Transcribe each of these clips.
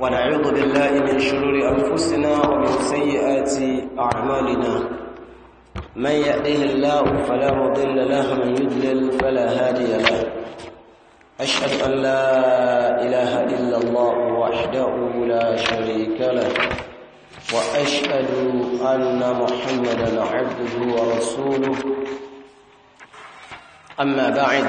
ونعوذ بالله من شرور أنفسنا ومن سيئات أعمالنا من يهده الله فلا مضل له من يضلل فلا هادي له أشهد أن لا إله إلا الله وحده لا شريك له وأشهد أن محمدا عبده ورسوله أما بعد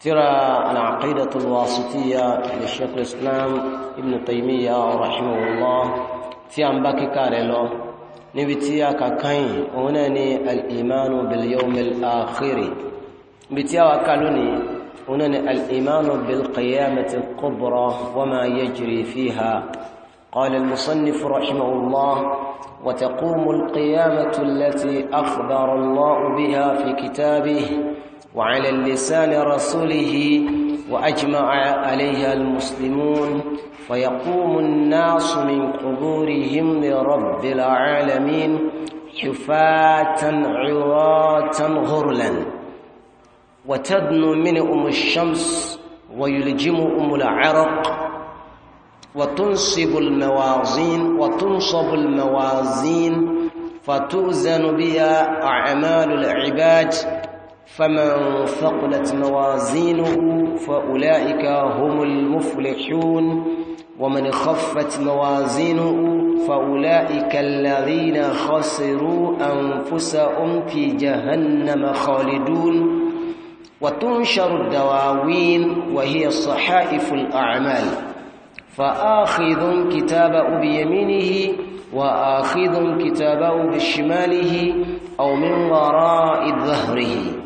ترى العقيدة الواسطية لشيخ الإسلام ابن تيمية رحمه الله في أنباك كارلو نبتيا كاكاين ونني الإيمان باليوم الآخر نبتيا وكالوني ونني الإيمان بالقيامة الكبرى وما يجري فيها قال المصنف رحمه الله وتقوم القيامة التي أخبر الله بها في كتابه وعلى لسان رسوله وأجمع عليها المسلمون فيقوم الناس من قبورهم لرب العالمين حفاة عراة غرلا وتدنو منهم الشمس ويلجمهم العرق وتنصب الموازين وتنصب الموازين فتوزن بها أعمال العباد فمن ثقلت موازينه فأولئك هم المفلحون ومن خفت موازينه فأولئك الذين خسروا أنفسهم في جهنم خالدون وتنشر الدواوين وهي صحائف الأعمال فآخذ كتابه بيمينه وآخذ كتابه بشماله أو من وراء ظهره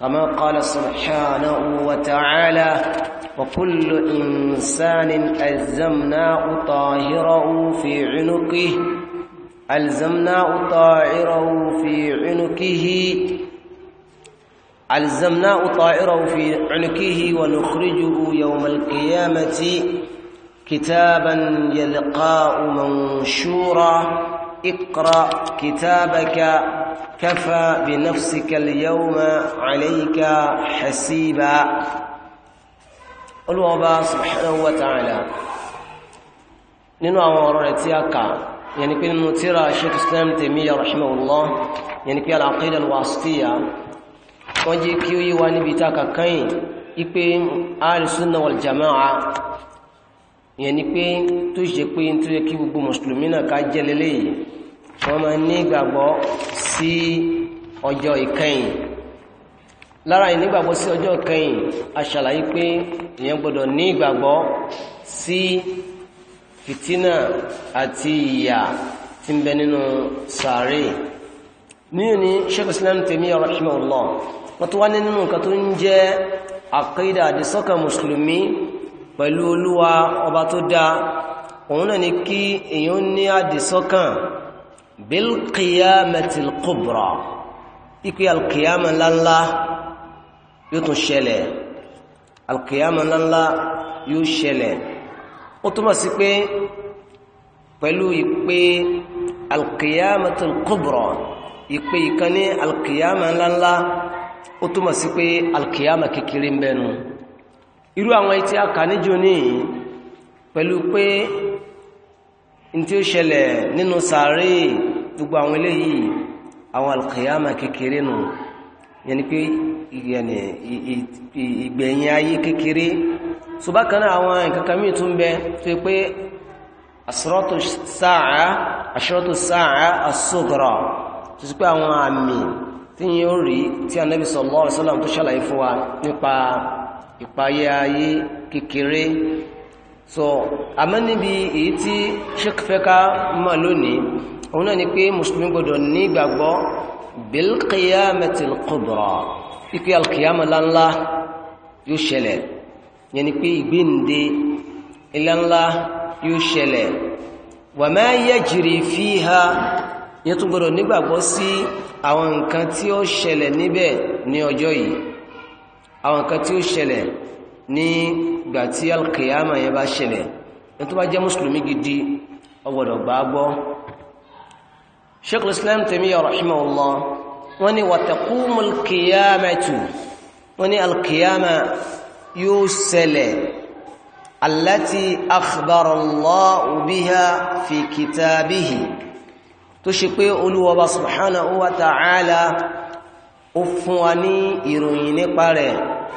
كما قال سبحانه وتعالى وكل إنسان ألزمناه طاهره في عنقه ألزمناه طاهره في عنقه ألزمناه طائره في عنقه ونخرجه يوم القيامة كتابا يلقاء منشورا اقرأ كتابك كفى بنفسك اليوم عليك حسيبا olúwọba subhanahu wa ta'ala nínú àwọn ọ̀rọ̀ rẹ̀ tí a kà yẹni pé nínú tíra sheikh islam tèmíyà rahimahullah yẹni pé al-aqida al-wasitiyya wọ́n jẹ́ kí ó yí wá níbi tá a kàyìn ipé al-sunna wal jama'a yẹni pé tó ṣe pé tó yẹ kí gbogbo mùsùlùmí náà ká jẹ́ lélẹ́yìí wọ́n máa ní ìgbàgbọ́ sí ọjọ́ ìkẹyìn lára ìnígbàgbọ́ sí ọjọ́ ìkẹyìn aṣàlàyé pé èèyàn gbọ́dọ̀ ní ìgbàgbọ́ sí fìtínà àti ìyà tí ń bẹ nínú sàárè nínú ní Sheikh Islam Taymiyya rahimahullah wọ́n tó wá bilqiyamati alkubra ikú alkiyama ńláńlá yóò tún ṣẹlẹ̀ alkiyama ńláńlá yóò ṣẹlẹ̀ ó túmọ̀ sí pé pẹ̀lú ìpè alkiyamati alkubra ìpè ìkànnì alkiyama ńláńlá ó túmọ̀ sí pé alkiyama kékeré ń bẹnu irú àwọn etí akàníjò ní pẹ̀lú pé ní tí ó ṣẹlẹ̀ nínú sàárè gbogbo àwọn eléyìí àwọn alkiyama kékeré nù yẹn ni pé ìgbẹ̀yìn ayé kékeré ṣùgbọ́n kan náà àwọn nǹkan kan mìí tún bẹ tó yẹ pé asrọ́tò sáà asrọ́tò sáà asọ́gọ́rọ̀ tó sì pé àwọn àmì tí yìí ó rí tí anábì sallallahu alaihi wasallam tó ṣàlàyé fún wa nípa ìpayé ayé kékeré so àmọ́ níbi èyí tí ṣe fẹ́ ká mọ̀ lónìí òun náà ni pé mùsùlùmí gbọdọ̀ ní ìgbàgbọ́ bilqiyamatil kubra ikú alkiyama lánlá yóò ṣẹlẹ̀ yẹn ni pé ìgbéǹde ìlànlá yóò ṣẹlẹ̀ wa ma yajri fiha yẹn tún gbọdọ̀ nígbàgbọ́ sí àwọn nǹkan tí ó ṣẹlẹ̀ níbẹ̀ ní ọjọ́ yìí àwọn nǹkan tí ó ṣẹlẹ̀ ní ìgbà tí alkiyama yẹn bá ṣẹlẹ̀ yẹn tó bá jẹ́ mùsùlùmí gidi ó gbàgbọ́ sheikh islam Taymiyya rahimahullah wọ́n ní wàtàkùmù alkiyamatu wọ́n ní alkiyama yóò ṣẹlẹ̀ allati akhbarallahu biha fi kitabihi tó ṣe pé Olúwa Ọba subhanahu wa ta'ala ó fún wa ní ìròyìn nípa rẹ̀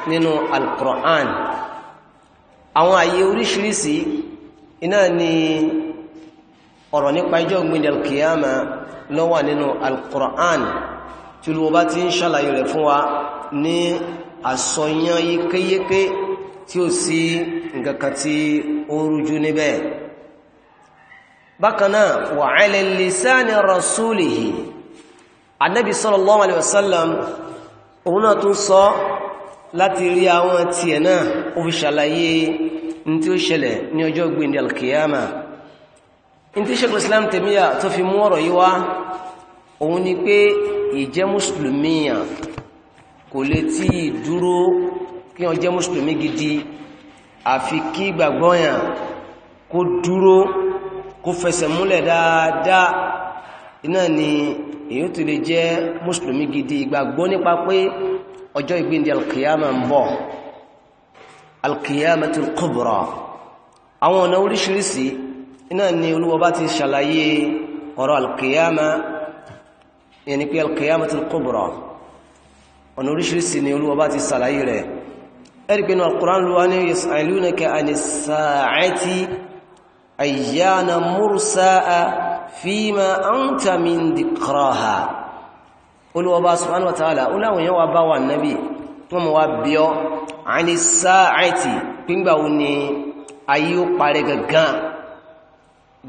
nínú alkùrán àwọn àyè oríṣiríṣi iná ni ọ̀rọ̀ nípa ijọ́ gbìndẹ̀ alkiyama ló wà nínú alkùrán tí olùwọ́ bá ti ń ṣàlàyé rẹ̀ fún wa ní àsọyán yíkéyíké tí ó sí nǹkankan tí ó rújú níbẹ̀ bákanáà wà ala lisani rasulihi annabi sallallahu alaihi wasallam láti rí àwọn tiẹ̀ náà ó fi ṣàlàyé ní tí ó ṣẹlẹ̀ ní ọjọ́ gbìndẹ̀ alkiyama ní Sheikh Islam Taymiyyah tó fi mú ọ̀rọ̀ yìí wá òun ni pé ìjẹ́ mùsùlùmí yàn kò lè tí ì dúró kí wọ́n jẹ́ mùsùlùmí gidi àfi kí ìgbàgbọ́ yàn kó dúró kó fẹsẹ̀ múlẹ̀ dáadáa iná ni èyí tó lè jẹ́ mùsùlùmí gidi ìgbàgbọ́ nípa pé ọjọ́ ìgbìndì alkiyama ń bọ̀ alkiyama tó kọbọ̀rọ̀ àwọn ọ̀nà oríṣiríṣi iná ni olúwọba ti ṣàlàyé ọ̀rọ̀ alkiyama yẹni pé alkiyama ti kúbọ̀rọ̀ ọ̀nà oríṣiríṣi ni olúwọba ti ṣàlàyé rẹ̀ ẹ̀rí pé ní alkùrán lúwa ní yas'alunaka anis-sa'ati ayyana mursa'a fima anta min dhikraha olúwọba subhanahu wa ta'ala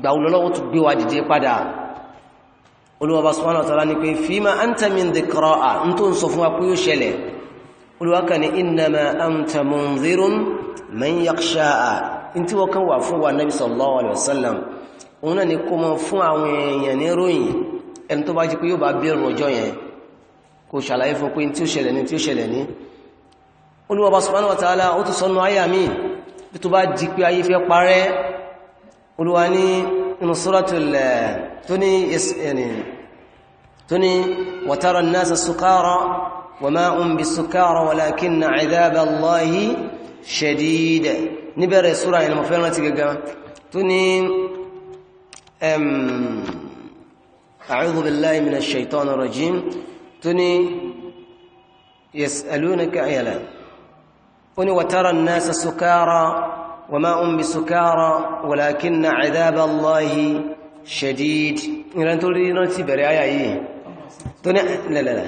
gbà olólọ́wọ́ tó gbé wa dìde padà olúwọba subhanahu wa ta'ala ní pé fima anta min dhikra'a n tó ń sọ fún wa pé ó ṣẹlẹ̀ olúwaka ni innama anta mundhirun man yakhsha'a in tí wọ́n kan wà fún wa nabi sallallahu alaihi wasallam òun náà ni kó mọ fún àwọn èèyàn ní ròyìn olúwa ní inú suratul eh, tó ní ẹni eh, tó ní wa tara an-nasa sukara wa ma hum bi sukara walakinna adhaba Allahi shadid níbẹ̀rẹ̀ súra yìí ni mo fẹ́ràn ti gẹ́gẹ́ tó ní a'udhu billahi وما هم بسكارى ولكن عذاب الله شديد إن تريد أن تبري آية تنع لا لا لا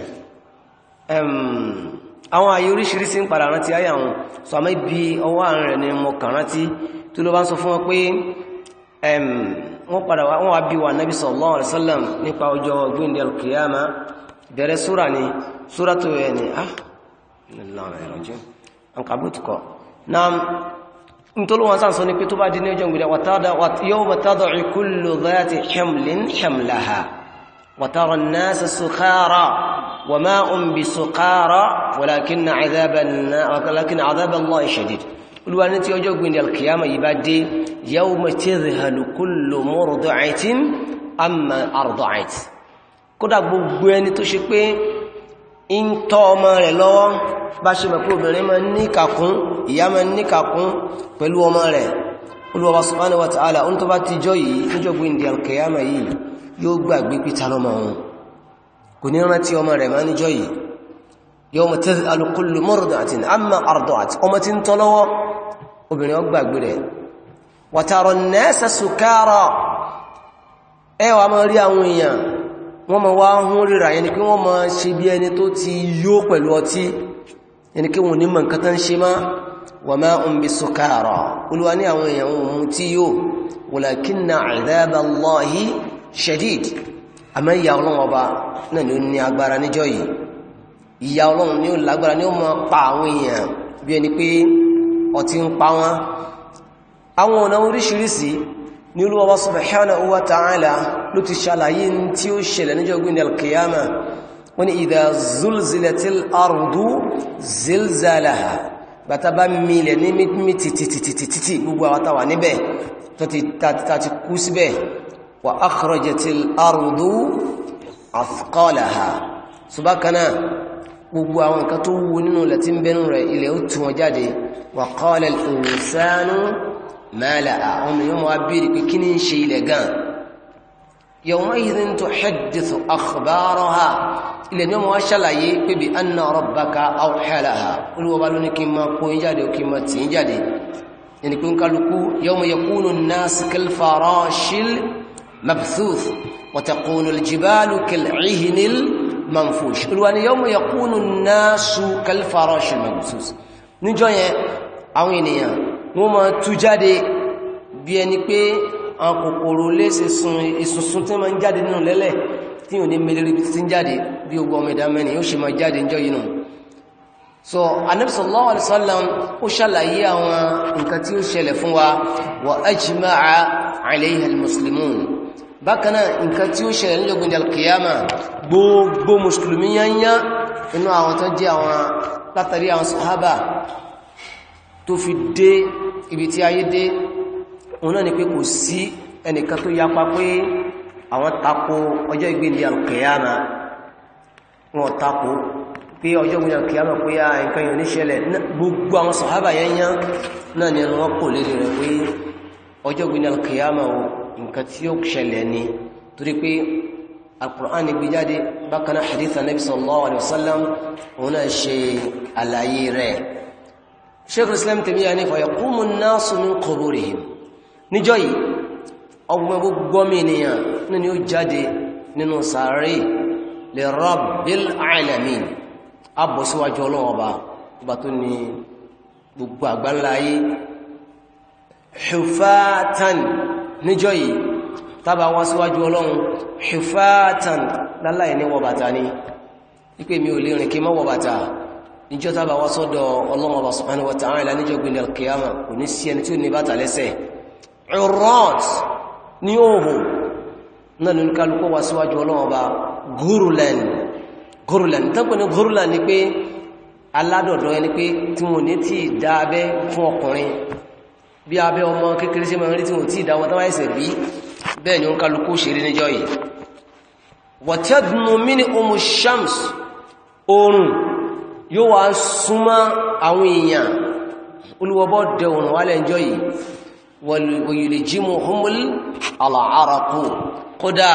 أم àwọn ayé oríṣiríṣi ń padà rántí ayé àwọn sọ àmọ́ ibi ọwọ́ àárín rẹ̀ ni mo kàn rántí tó ló bá ń sọ fún wọn pé wọ́n padà wọ́n wá bí wa nabi sallallahu alaihi wasallam nípa ọjọ́ gbẹ̀ndẹ̀ alkiyama bẹ̀rẹ̀ súra ni súra tó ni ah nílànà ìrọ̀jù àǹkàbùtù kọ náà nítorí wọn sáà sọ ní pé tó bá di ní ọjọ́ ìgbìdá yawma tada'u kullu dhati hamlin hamlaha wa tara an-nasa sukara wa ma hum bi sukara walakin 'adhaba Allahi shadid olúwa ní tí ọjọ́ ìgbìdá alkiyama yìí bá dé yawma tadhhalu kullu murdi'atin amma arda'at kódà gbogbo ẹni tó ṣe pé ń tọ́ ọmọ rẹ̀ lọ́wọ́ bá ṣe mọ̀ pé obìnrin máa ń níkàkún ìyá máa ń níkàkún pẹ̀lú ọmọ rẹ̀ olùwọ́wọ́ subhanahu wa ta'ala ohun tó bá ti jọ yìí níjọ́ gbé ìdí alkiyama yìí yóò gbàgbé pítà lọ́mọ òun kò ní rántí ọmọ rẹ̀ máa níjọ́ wọ́n ma wá hún ríra yẹni kí wọ́n ma ṣe bí ẹni tó ti yó pẹ̀lú ọtí yẹni kí wọ́n ní mọ̀ nǹkan tán ṣe má wà máa ń bí sọkàrà olúwa ní àwọn èèyàn ohun tí yóò walakinna adhaballahi shadid àmọ́ ìyà ọlọ́run ọba ọlọ́run ni ní olúwa subhanahu wa ta'ala ló ti ṣàlàyé tí ó ṣẹlẹ̀ níjọ́ gbìn alkiyama wọ́n ni idha zulzilatil ardu zilzalaha bàtà bá milẹ̀ ní mítítítítítítí gbogbo àwátàwà níbẹ̀ tó ti tàti kú síbẹ̀ wa akhrajatil ardu athqalaha subakana gbogbo àwọn nǹkan tó wù nínú lẹ́tí ń bẹ́nu rẹ̀ ilẹ̀ ó tún wọn jáde wa qala al-insanu mẹ́lẹ̀ àwọn yóò wá bèèrè pé kí ní ń ṣe ilẹ̀ gan yawma'idhin tuhaddithu akhbaraha ilẹ̀ ni wọ́n wá ṣàlàyé pé bí anna rabbaka awha laha olúwọ́bá ló ní kí n máa kó yín jáde kí n máa tì yín jáde ẹni pé ń kálukú yawma yakunu an-nasu kal-farashil mabthuth wa takunu al-jibalu kal-ihnil manfush olúwa ni yawma yakunu an-nasu kal-farashil mabthuth níjọ́ yẹn àwọn ènìyàn wọ́n máa tú jáde bí ẹni pé àwọn kòkòrò léṣe sun ìsùnsùn tí ma ń jáde nínú lẹ́lẹ̀ tí ò ní mẹ́lẹ́rí tí ń jáde bí ogun ọmọ ìdá ó ṣe ma jáde ń jọ yìí so Ànábì sallallahu alaihi wasallam ó ṣàlàyé àwọn nǹkan tí ó ṣẹlẹ̀ fún wa wa ajma'a alayha al-muslimun bákan náà nǹkan tí ó ṣẹlẹ̀ látàrí àwọn sàhábà tó fi dé ibi tí ayé dé òun náà ni pé kò sí ẹnìkan tó yapa pé àwọn tako ọjọ́ ìgbéni alkiyama wọn tako pé ọjọ́ ìgbéni alkiyama pé a ah, nǹkan yìí oníṣẹ́lẹ̀ gbogbo àwọn sàhábà yẹnyán náà ni wọ́n kò lè rẹ̀ pé ọjọ́ ìgbéni alkiyama o nǹkan tí ó ṣẹlẹ̀ ni torí sheikh islam tèmíyà ní fayaqumu an-nasu min quburihim níjọ́ yìí ọgbọ̀n gbogbo mìíràn nínú yóò jáde nínú sàárè li rabbil alamin abọ̀síwájú ọlọ́wọ́ba ọba tó ní gbogbo àgbáńláyé hufatan níjọ́ yìí tàbà wá síwájú ọlọ́run hufatan láláì níjọ́ tá a bá wá sọ́dọ̀ ọlọ́run ọba subhanahu wa ta'ala níjọ́ gbìyànjú alkiyama kò ní sí ẹni tí ó ní bàtà lẹ́sẹ̀ urrat ní òhù náà ní kálukọ́ wá síwájú ọlọ́run ọba gurulan gurulan tẹ́kọ̀ ní gurulan ni pé aládọ̀dọ̀ ẹni pé tí wọ́n ní tí dá abẹ́ fún ọkùnrin bí abẹ́ oorun yóò wá súnmọ́ àwọn èèyàn olúwọ́bọ́ dẹ̀wọ̀n wálẹ̀ ìjọ yìí wòyìlì jímù humul alàárakù kódà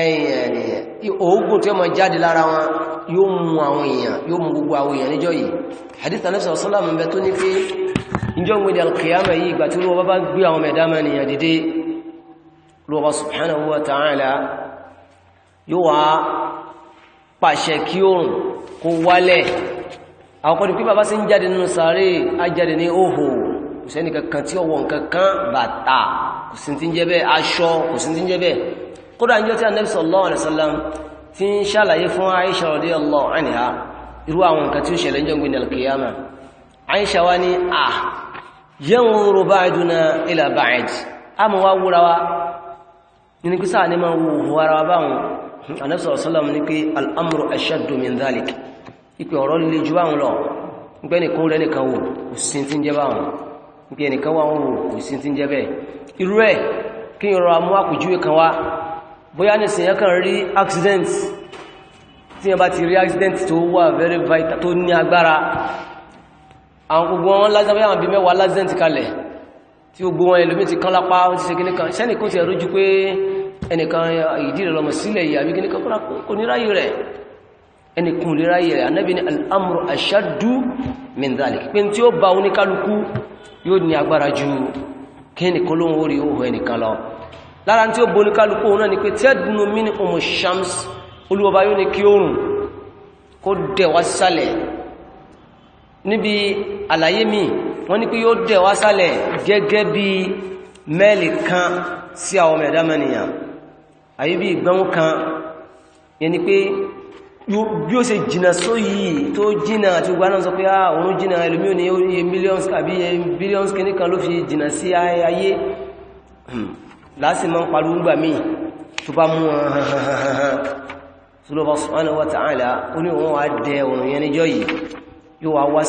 ẹ̀yìn oògùn tí ó mọ̀ jáde lára wọn yóò mú àwọn èèyàn yóò mú gbogbo àwọn èèyàn níjọ yìí hadith anẹ́sọ̀ sọ́lámù bẹ tó ní pé ìjọ gbẹ̀dẹ̀ alkiyama yìí ìgbà tí olúwọ́ bá gbé àwọn mẹ̀dámà nìyàn dìde lọ́wọ́ subhanahu wa ta'ala yóò wá pàṣẹ kí oòrùn kó wálẹ̀ àwọn kọ́dù pí bàbá sí ń jáde nínú sàárè ajáde ní òhò kò sẹ́ni kankan tí ọwọ́ nǹkan kan bàtà kò sí ti ń jẹ́ bẹ́ẹ̀ aṣọ kò sí ti ń jẹ́ bẹ́ẹ̀ kódà ń jọ tí Ànábì sallallahu alaihi wasallam ti ń ṣàlàyé fún Aisha radiyallahu anha irú àwọn nǹkan tí ó ṣẹlẹ̀ jẹ́ gbìn alkiyama Aisha nínú kí sáà ní máa wù wàrà wa báwọn ní pé al'amru ashaddu min dhalik ìpè ọ̀rọ̀ lè ju báwọn lọ nígbẹ́ nìkan rẹ̀ nìkan wò kò sí ti ń jẹ́ báwọn nígbẹ́ nìkan wà wò kò sí ti ń jẹ́ irú ẹ̀ kí n rọra mú àpèjúwe kan wá bóyá nìsìn yẹn rí accident tí yẹn bá ti rí accident tó wà very vital tó ní agbára àwọn gbogbo wọn lásánfẹ́ àwọn bí mẹ́wàá lásìdẹ̀ntì kalẹ̀ tí gbogbo wọn ẹlòmí ti kán lápá ó ti ṣe kíníkan sẹ́nì kó ti ẹ̀rọ rẹ̀ ẹni kún lè ráyẹ̀ rẹ̀ anábi ni al'amru ashaddu min dhalik pín tí ó bá oníkálukú yóò ní agbára ju kí ní kọ́ lóhun orí ohun ẹnìkan lọ lára tí ó bó oníkálukú náà ni pé tẹ́dùnú min umu shams olúwọba yóò ní kí oòrùn kó dẹ̀wá sálẹ̀ níbi àlàyé bí ó ṣe jìnà só yìí tó jìnà àti ogun sọ pé àwọn ah, jìnà ẹlòmí ò ní oríye millions àbí billions kan ló fi jìnà sí ayé láti ma ń pariwo gbà míì tó bá mú ọ̀hánhánhán subhanahu wa ta'ala ó ní wọ́n wá dẹ ọ̀rùn yẹn níjọ́ yìí yóò wá wá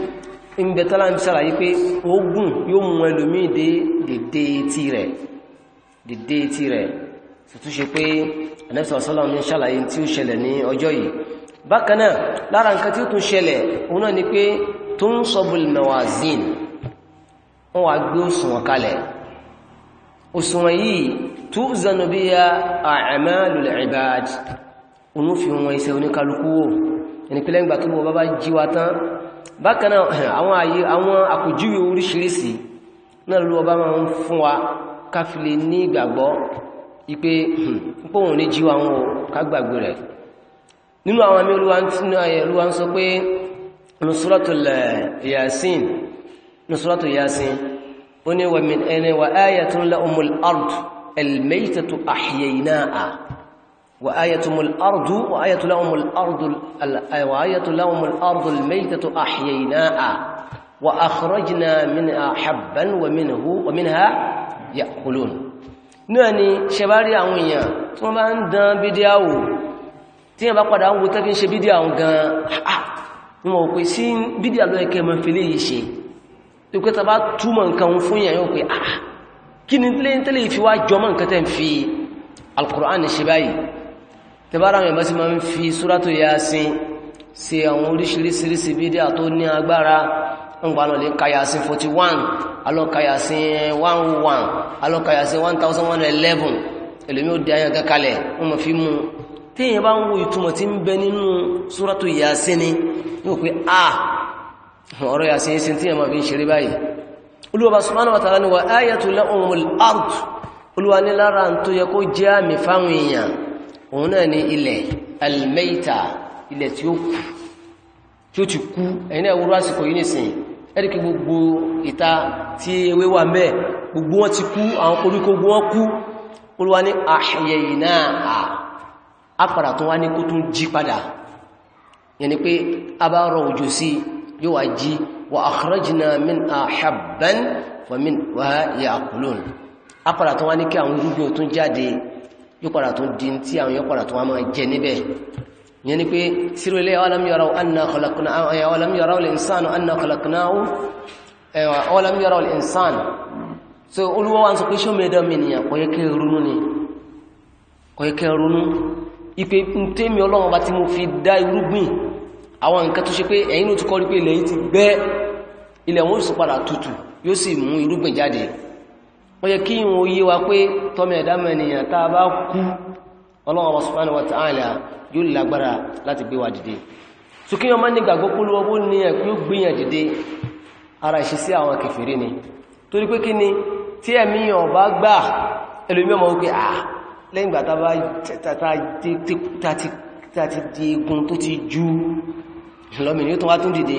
ma ń bẹ tọ́lá ń ṣàlàyé pé ogun yóò mú ẹlòmíì dé dèdè etí rẹ̀ dèdè etí rẹ̀ tuntun ṣe pé anẹ́sọ̀ sọ́lọ́m ń ṣàlàyé tí ó ṣẹlẹ̀ ní ọjọ́ yìí bákan náà lára nǹkan tí ó tún ṣẹlẹ̀ òun náà ni pé tó ń sọ́bùl mawazin bákanáà àwọn àyè àwọn àkójúwe oríṣiríṣi náà ló ọba máa ń fún wa káfílé ní ìgbàgbọ́ ipé pòun ní jíwa wọn kágbàgbé rẹ̀ nínú àwọn àmì olúwa ń sọ pé nusratul yasin وآية الأرض وآية لهم الأرض وآية لهم الأرض الميتة أحييناها وأخرجنا منها حبا ومنه ومنها يأكلون ناني شباري أويا ثم أن دان بيدياو tí ẹ̀bá padà ń wo tẹ́kí ń ṣe bídí àwọn gan-an wọn ò pè sí bídí àlọ́ ẹ̀kẹ́ mọ̀ fi léyìí ṣe tó pẹ́ tàbá túmọ̀ nǹkan fún yẹn yóò pé àà kí ni tẹ́lẹ̀ ìfiwá jọmọ́ nǹkan tẹ́ ń fi Al-Qur'an ṣe báyìí tẹbára àwọn ìbáṣí ma ń fi súrátù Yasin ṣe àwọn oríṣiríṣiríṣi bídíà tó ní agbára ń gbà lọ lè ka Yasin 41 alọ́ka Yasin 101 alọ́ka Yasin 1111 ẹlòmí ó di ayọ́ kankalẹ̀ wọ́n ma fi mú tí èyàn bá ń wo ìtumọ̀ tí ń bẹ nínú súrátù Yasin ni yóò pé a ọ̀rọ̀ Yasin sí tí èyàn ma fi ń ṣeré wa ta'ala ni wa ayatul lahumul ard olúwa ní òun náà ni ilẹ̀ almeita ilẹ̀ tí ó kú tí ó ti kú ẹ̀yìn ẹ̀wúrú àsìkò yìí nìsìn ẹ́dìkì gbogbo ìta tí ewé wà mẹ́ gbogbo wọn ti kú àwọn koríko gbogbo wọn kú olúwa ní àṣẹyẹ ìná àpàdà tó wá ní kó tún jí padà yẹn ni pé a bá rọ òjò sí yóò wá jí wa akhrajna min ahabban famin wa ya'kulun àpàdà tó wá ní kí àwọn irúgbìn tún jáde yóò padà tún di tí àwọn yóò padà tún máa jẹ níbẹ̀ yẹn ni pé sírò ilé awalam yarau anna khalaqnahu awalam yarau al-insanu anna khalaqnahu awalam yarau al so olúwọ́ wa ń sọ pé ṣó mẹ́dọ̀ mi nìyàn kò yẹ kẹ́ ronú ni kò yẹ kẹ́ ronú ipe ń tẹ́mi ọlọ́run bá ti mo fi dá irúgbìn àwọn nǹkan tó ṣe pé ẹ̀yin ló ti kọ́ rí pé ilẹ̀ yìí ti gbẹ́ ilẹ̀ wọn ó padà tutù yóò sì mú irúgbìn jáde ó yẹ kí ìwọ̀n yí wa pé tọ́mẹ̀ ẹ̀dámẹ̀ ènìyàn tá a bá kú Ọlọ́run subhanahu wa ta'ala yóò lágbára láti gbé wa dìde tó kí wọ́n má ní gbàgbọ́ kú lọ́wọ́ ní ẹ̀kú gbìyàn dìde ara ìṣesí àwọn kèfèrí ni torí pé kí ni tí ẹ̀mí ọ̀bá gbà ẹlòmí ọmọ wípé à ah, lẹ́yìn ìgbà ju lọ́mìnir tó wá tún dìde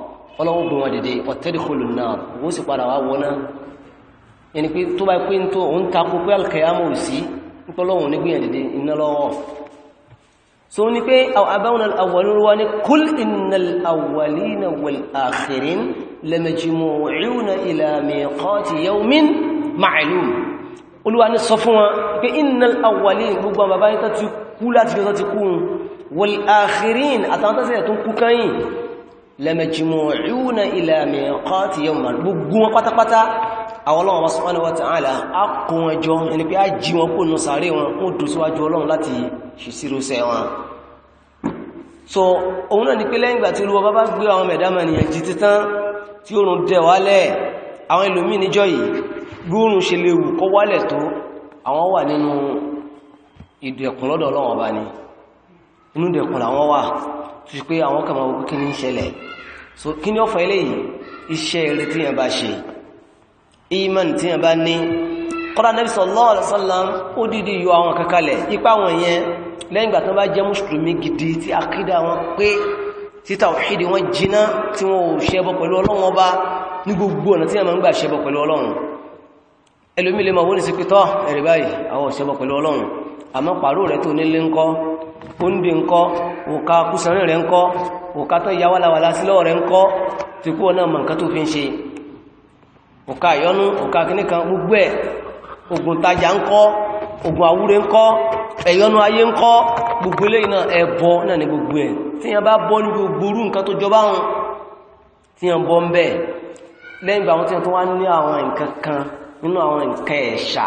ọlọ́wọ́ gbé wọn dìde ọ̀tẹ́dìkọlù náà wọ́n sì padà wá wọ́ná ẹni pé tó bá pín tó ń takò pé alkayama ò sí nítọ́lọ́wọ́n ní gbìyàn dìde iná lọ́wọ́ so ní pé àbáwọn al'awwalin ruwa ní kul innal awwalina wal akhirin lamajmu'una ila miqati yawmin ma'lum olúwa ní sọ fún lamajmu'una ila miqati yawman gbogbo wọn pátápátá àwọn ọlọ́run subhanahu wa ta'ala á kó wọn jọ ẹni pé á jí wọn kó nù sàárè wọn ó dùn síwájú ọlọ́run láti ṣìṣírúsẹ́ wọn so òun náà ni pé lẹ́yìn ìgbà inú ìdẹ̀kùn làwọn wà tó ṣe pé àwọn kàmà gbogbo kí ní ṣẹlẹ̀ so kí ni ó fa eléyìí iṣẹ́ eré tí yẹn bá ṣe iman tí yẹn bá ní kọ́ra Nabi sallallahu alaihi wasallam ó dìde yọ àwọn kankalẹ̀ ipá wọn yẹn lẹ́yìn ìgbà tó bá jẹ́ mùsùlùmí gidi tí akídà wọn pé tí tàwíìdì wọn jiná tí wọn ò ṣẹbọ pẹ̀lú ọlọ́run ọba ní gbogbo ọ̀nà tí a máa ń gbà ṣẹbọ pẹ̀lú ọlọ́run ẹlòmí lè máa wọ́n ní sí pítọ́ ẹ̀rì báyìí àwọn òṣẹbọ pẹ̀lú ọlọ́run àmọ́ pàró rẹ̀ tó nílé ńkọ́ oúnjẹ ńkọ́ òká tó yà wàlàwàlà sí lọ́wọ́ rẹ̀ ń kọ́ tí kú ọ̀nà mọ̀ǹkan tó fi ń ṣe òká ìyọnú òká kìnnìkan gbogbo ẹ̀ e. ogun tajà ń kọ́ ogun àwúre ń kọ́ ẹ̀yọnú ayé ń kọ́ gbogbo eléyìí náà ẹbọ náà ni gbogbo ẹ̀ e. tí yẹn bá bọ́ níbi ògbórú nǹkan tó jọba hùn tí yẹn bọ́ ń bẹ̀ lẹ́yìn ìgbà àwọn tí yẹn tó wá ní àwọn nǹkan kan nínú àwọn nǹkan ẹ̀ṣà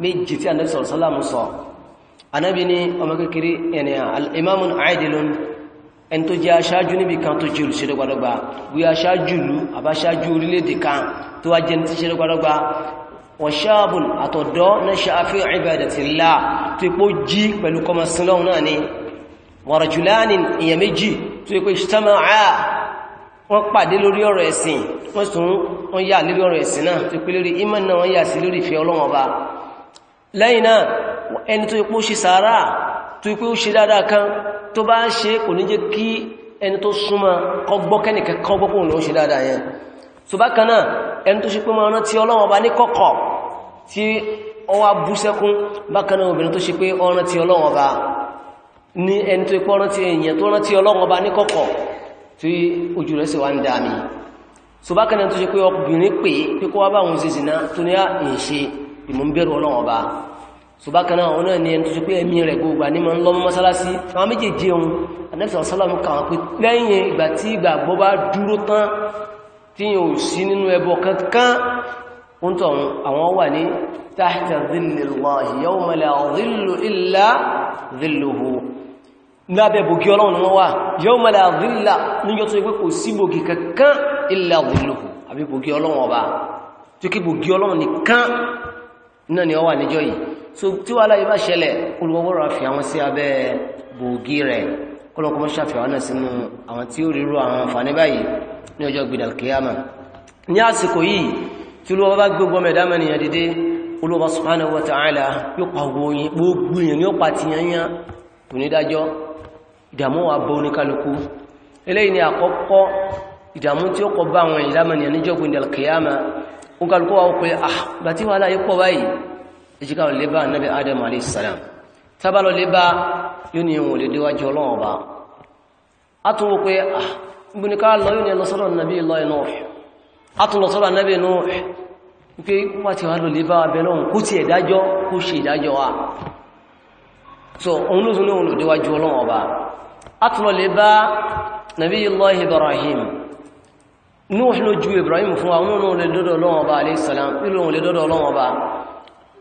méjì tí ànábì sọ̀rọ̀ sọ́lá mu sọ aidilun ẹni tó jẹ́ aṣáájú níbi kan tó jẹ́ olùṣẹ́dọ́gbàdọ́gba bí aṣáájú ìlú àbáṣáájú orílẹ̀-èdè kan tó wá jẹ́ ní ti ṣẹ́dọ́gbàdọ́gba wọ́n ṣáàbùn àtọ̀dọ́ náà ṣáàfí ìbàdàtìlá tó ipò jí pẹ̀lú kọmọsílọ́un náà ni wàràjùláàni èèyàn méjì tó ipò ìṣtàmáà wọ́n pàdé lórí ọ̀rọ̀ ẹ̀sìn wọ́n sùn wọ́n yà lórí ọ̀rọ̀ ẹ̀sìn náà tó ipò lórí ìmọ̀ náà wọ́n yà sí lórí ìfẹ́ ọlọ́wọ́n ba lẹ́yìn náà ẹni tó ipò ṣe sàárà tó pé ó ṣe dáadáa kan tó bá ń ṣe kò ní jẹ́ kí ẹni tó súnmọ́ kọgbọ́ kẹ́nìkẹ́ kọgbọ́ kò ní ó ṣe dáadáa yẹn tó bá kan náà ẹni tó ṣe pé máa rántí Ọlọ́run ọba ní kọ̀kọ̀ tí ó wá bú sẹ́kún bákan náà obìnrin tó ṣe pé ó rántí Ọlọ́run ọba ní ẹni tó pé rántí èèyàn tó rántí Ọlọ́run ọba ní kọ̀kọ̀ tí ojú ṣùgbákaná àwọn náà ni ẹni tó ṣe pé ẹ̀mí rẹ̀ gbogbo ní ma ń lọ mọ́sálásí àwọn méjèèjì ohun anẹ́fẹ́ ọ̀sálàmù kàwọn pé lẹ́yìn ìgbà tí ìgbàgbọ́ bá dúró tán tí yíò sí nínú ẹbọ kankan ń àwọn wà ní tahta dhillahi la dhillu illa dhilluhu lábẹ́ bògí ọlọ́run ni wọ́n la dhilla níjọ́ tó pé kò sí bògí kankan illa dhilluhu àbí bògí ọlọ́run ọba tó kí bògí ni ọ wà níjọ́ yìí so tí wàhálà yìí bá ṣẹlẹ̀ olùwọ́wọ́rọ̀ àfi àwọn sí abẹ́ bòógì rẹ̀ kọ́lọ́kọ́ mọ́ṣá fi àwọn náà sínú àwọn tí ó ríru àwọn àǹfààní báyìí ní ọjọ́ gbìdàl kíyàmà ní àsìkò yìí tí olùwọ́ bá gbogbo mẹ̀dá mẹ́nìyàn dìde olùwọ́ wa ta'ala yóò pa gbogbo èèyàn yóò pa tìyànyàn kò ní dájọ́ ìdààmú wa bọ́ oníkálukú eléyìí ni àkọ́kọ́ ìdààmú tí ó kọ bá àwọn ìdámẹ́nìyàn ah gbàtí wàhálà yìí ìjíká lè bá nabi adam alayhi salam tábà lọ lè bá yóò ní ìwọ̀n lè déwájú ọlọ́run ọba a tún wò pé ah ibùn ká lọ yóò ní ẹlọ sọ́rọ̀ nabi lọ inú rẹ̀ a tún lọ sọ́rọ̀ nabi inú rẹ̀ wípé wọ́n ti wá lọ lè bá abẹ lọ́run kó ti ẹ̀dájọ́ kó ṣe ìdájọ́ wa so ibrahim nuh ló ibrahim fún wa òun lè dọ́dọ̀ ọlọ́run ọba alayhi salam ìlú dọ́dọ̀ ọlọ́run ọba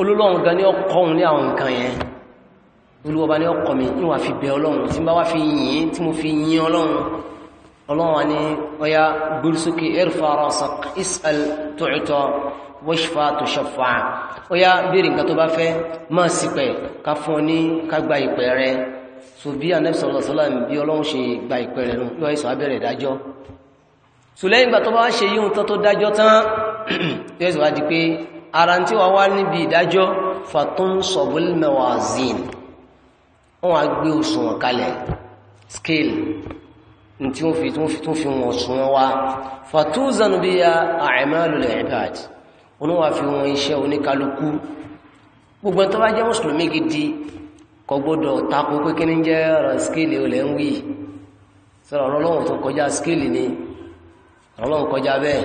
olólọ́run gan ní ọkọ̀ òun ní àwọn nǹkan yẹn olúwọba ní ọkọ̀ mi níwà fi bẹ ọlọ́run tí bá wá fi yìn tí mo fi yìn ọlọ́run ọlọ́run wa ní ọya gbórísókè irfa rasak isal tu'ta washfa tushaffa ọya béèrè nǹkan tó bá fẹ́ máa sípẹ̀ ká fún ọ ní ká gba ìpẹ̀ rẹ so bí anabi ṣe gba tó tó dájọ́ tán yóò sọ wá di pé ara tí wà wá níbi ìdájọ́ fatún sọ̀bùl mawazin wọ́n wá gbé òṣùwọ̀n kalẹ̀ scale tí wọ́n fi tún fi tún fi wọ̀n òṣùwọ̀n wá fatún zanubiya a'malul ibad wọ́n wá fi wọ́n iṣẹ́ oníkálukú gbogbo tó bá jẹ́ mùsùlùmí gidi kò tako pé kíní jẹ́ ọ̀rọ̀ scale olè ń wí sọ̀rọ̀ ọlọ́run tó kọjá scale ni ọlọ́run kọjá bẹ́ẹ̀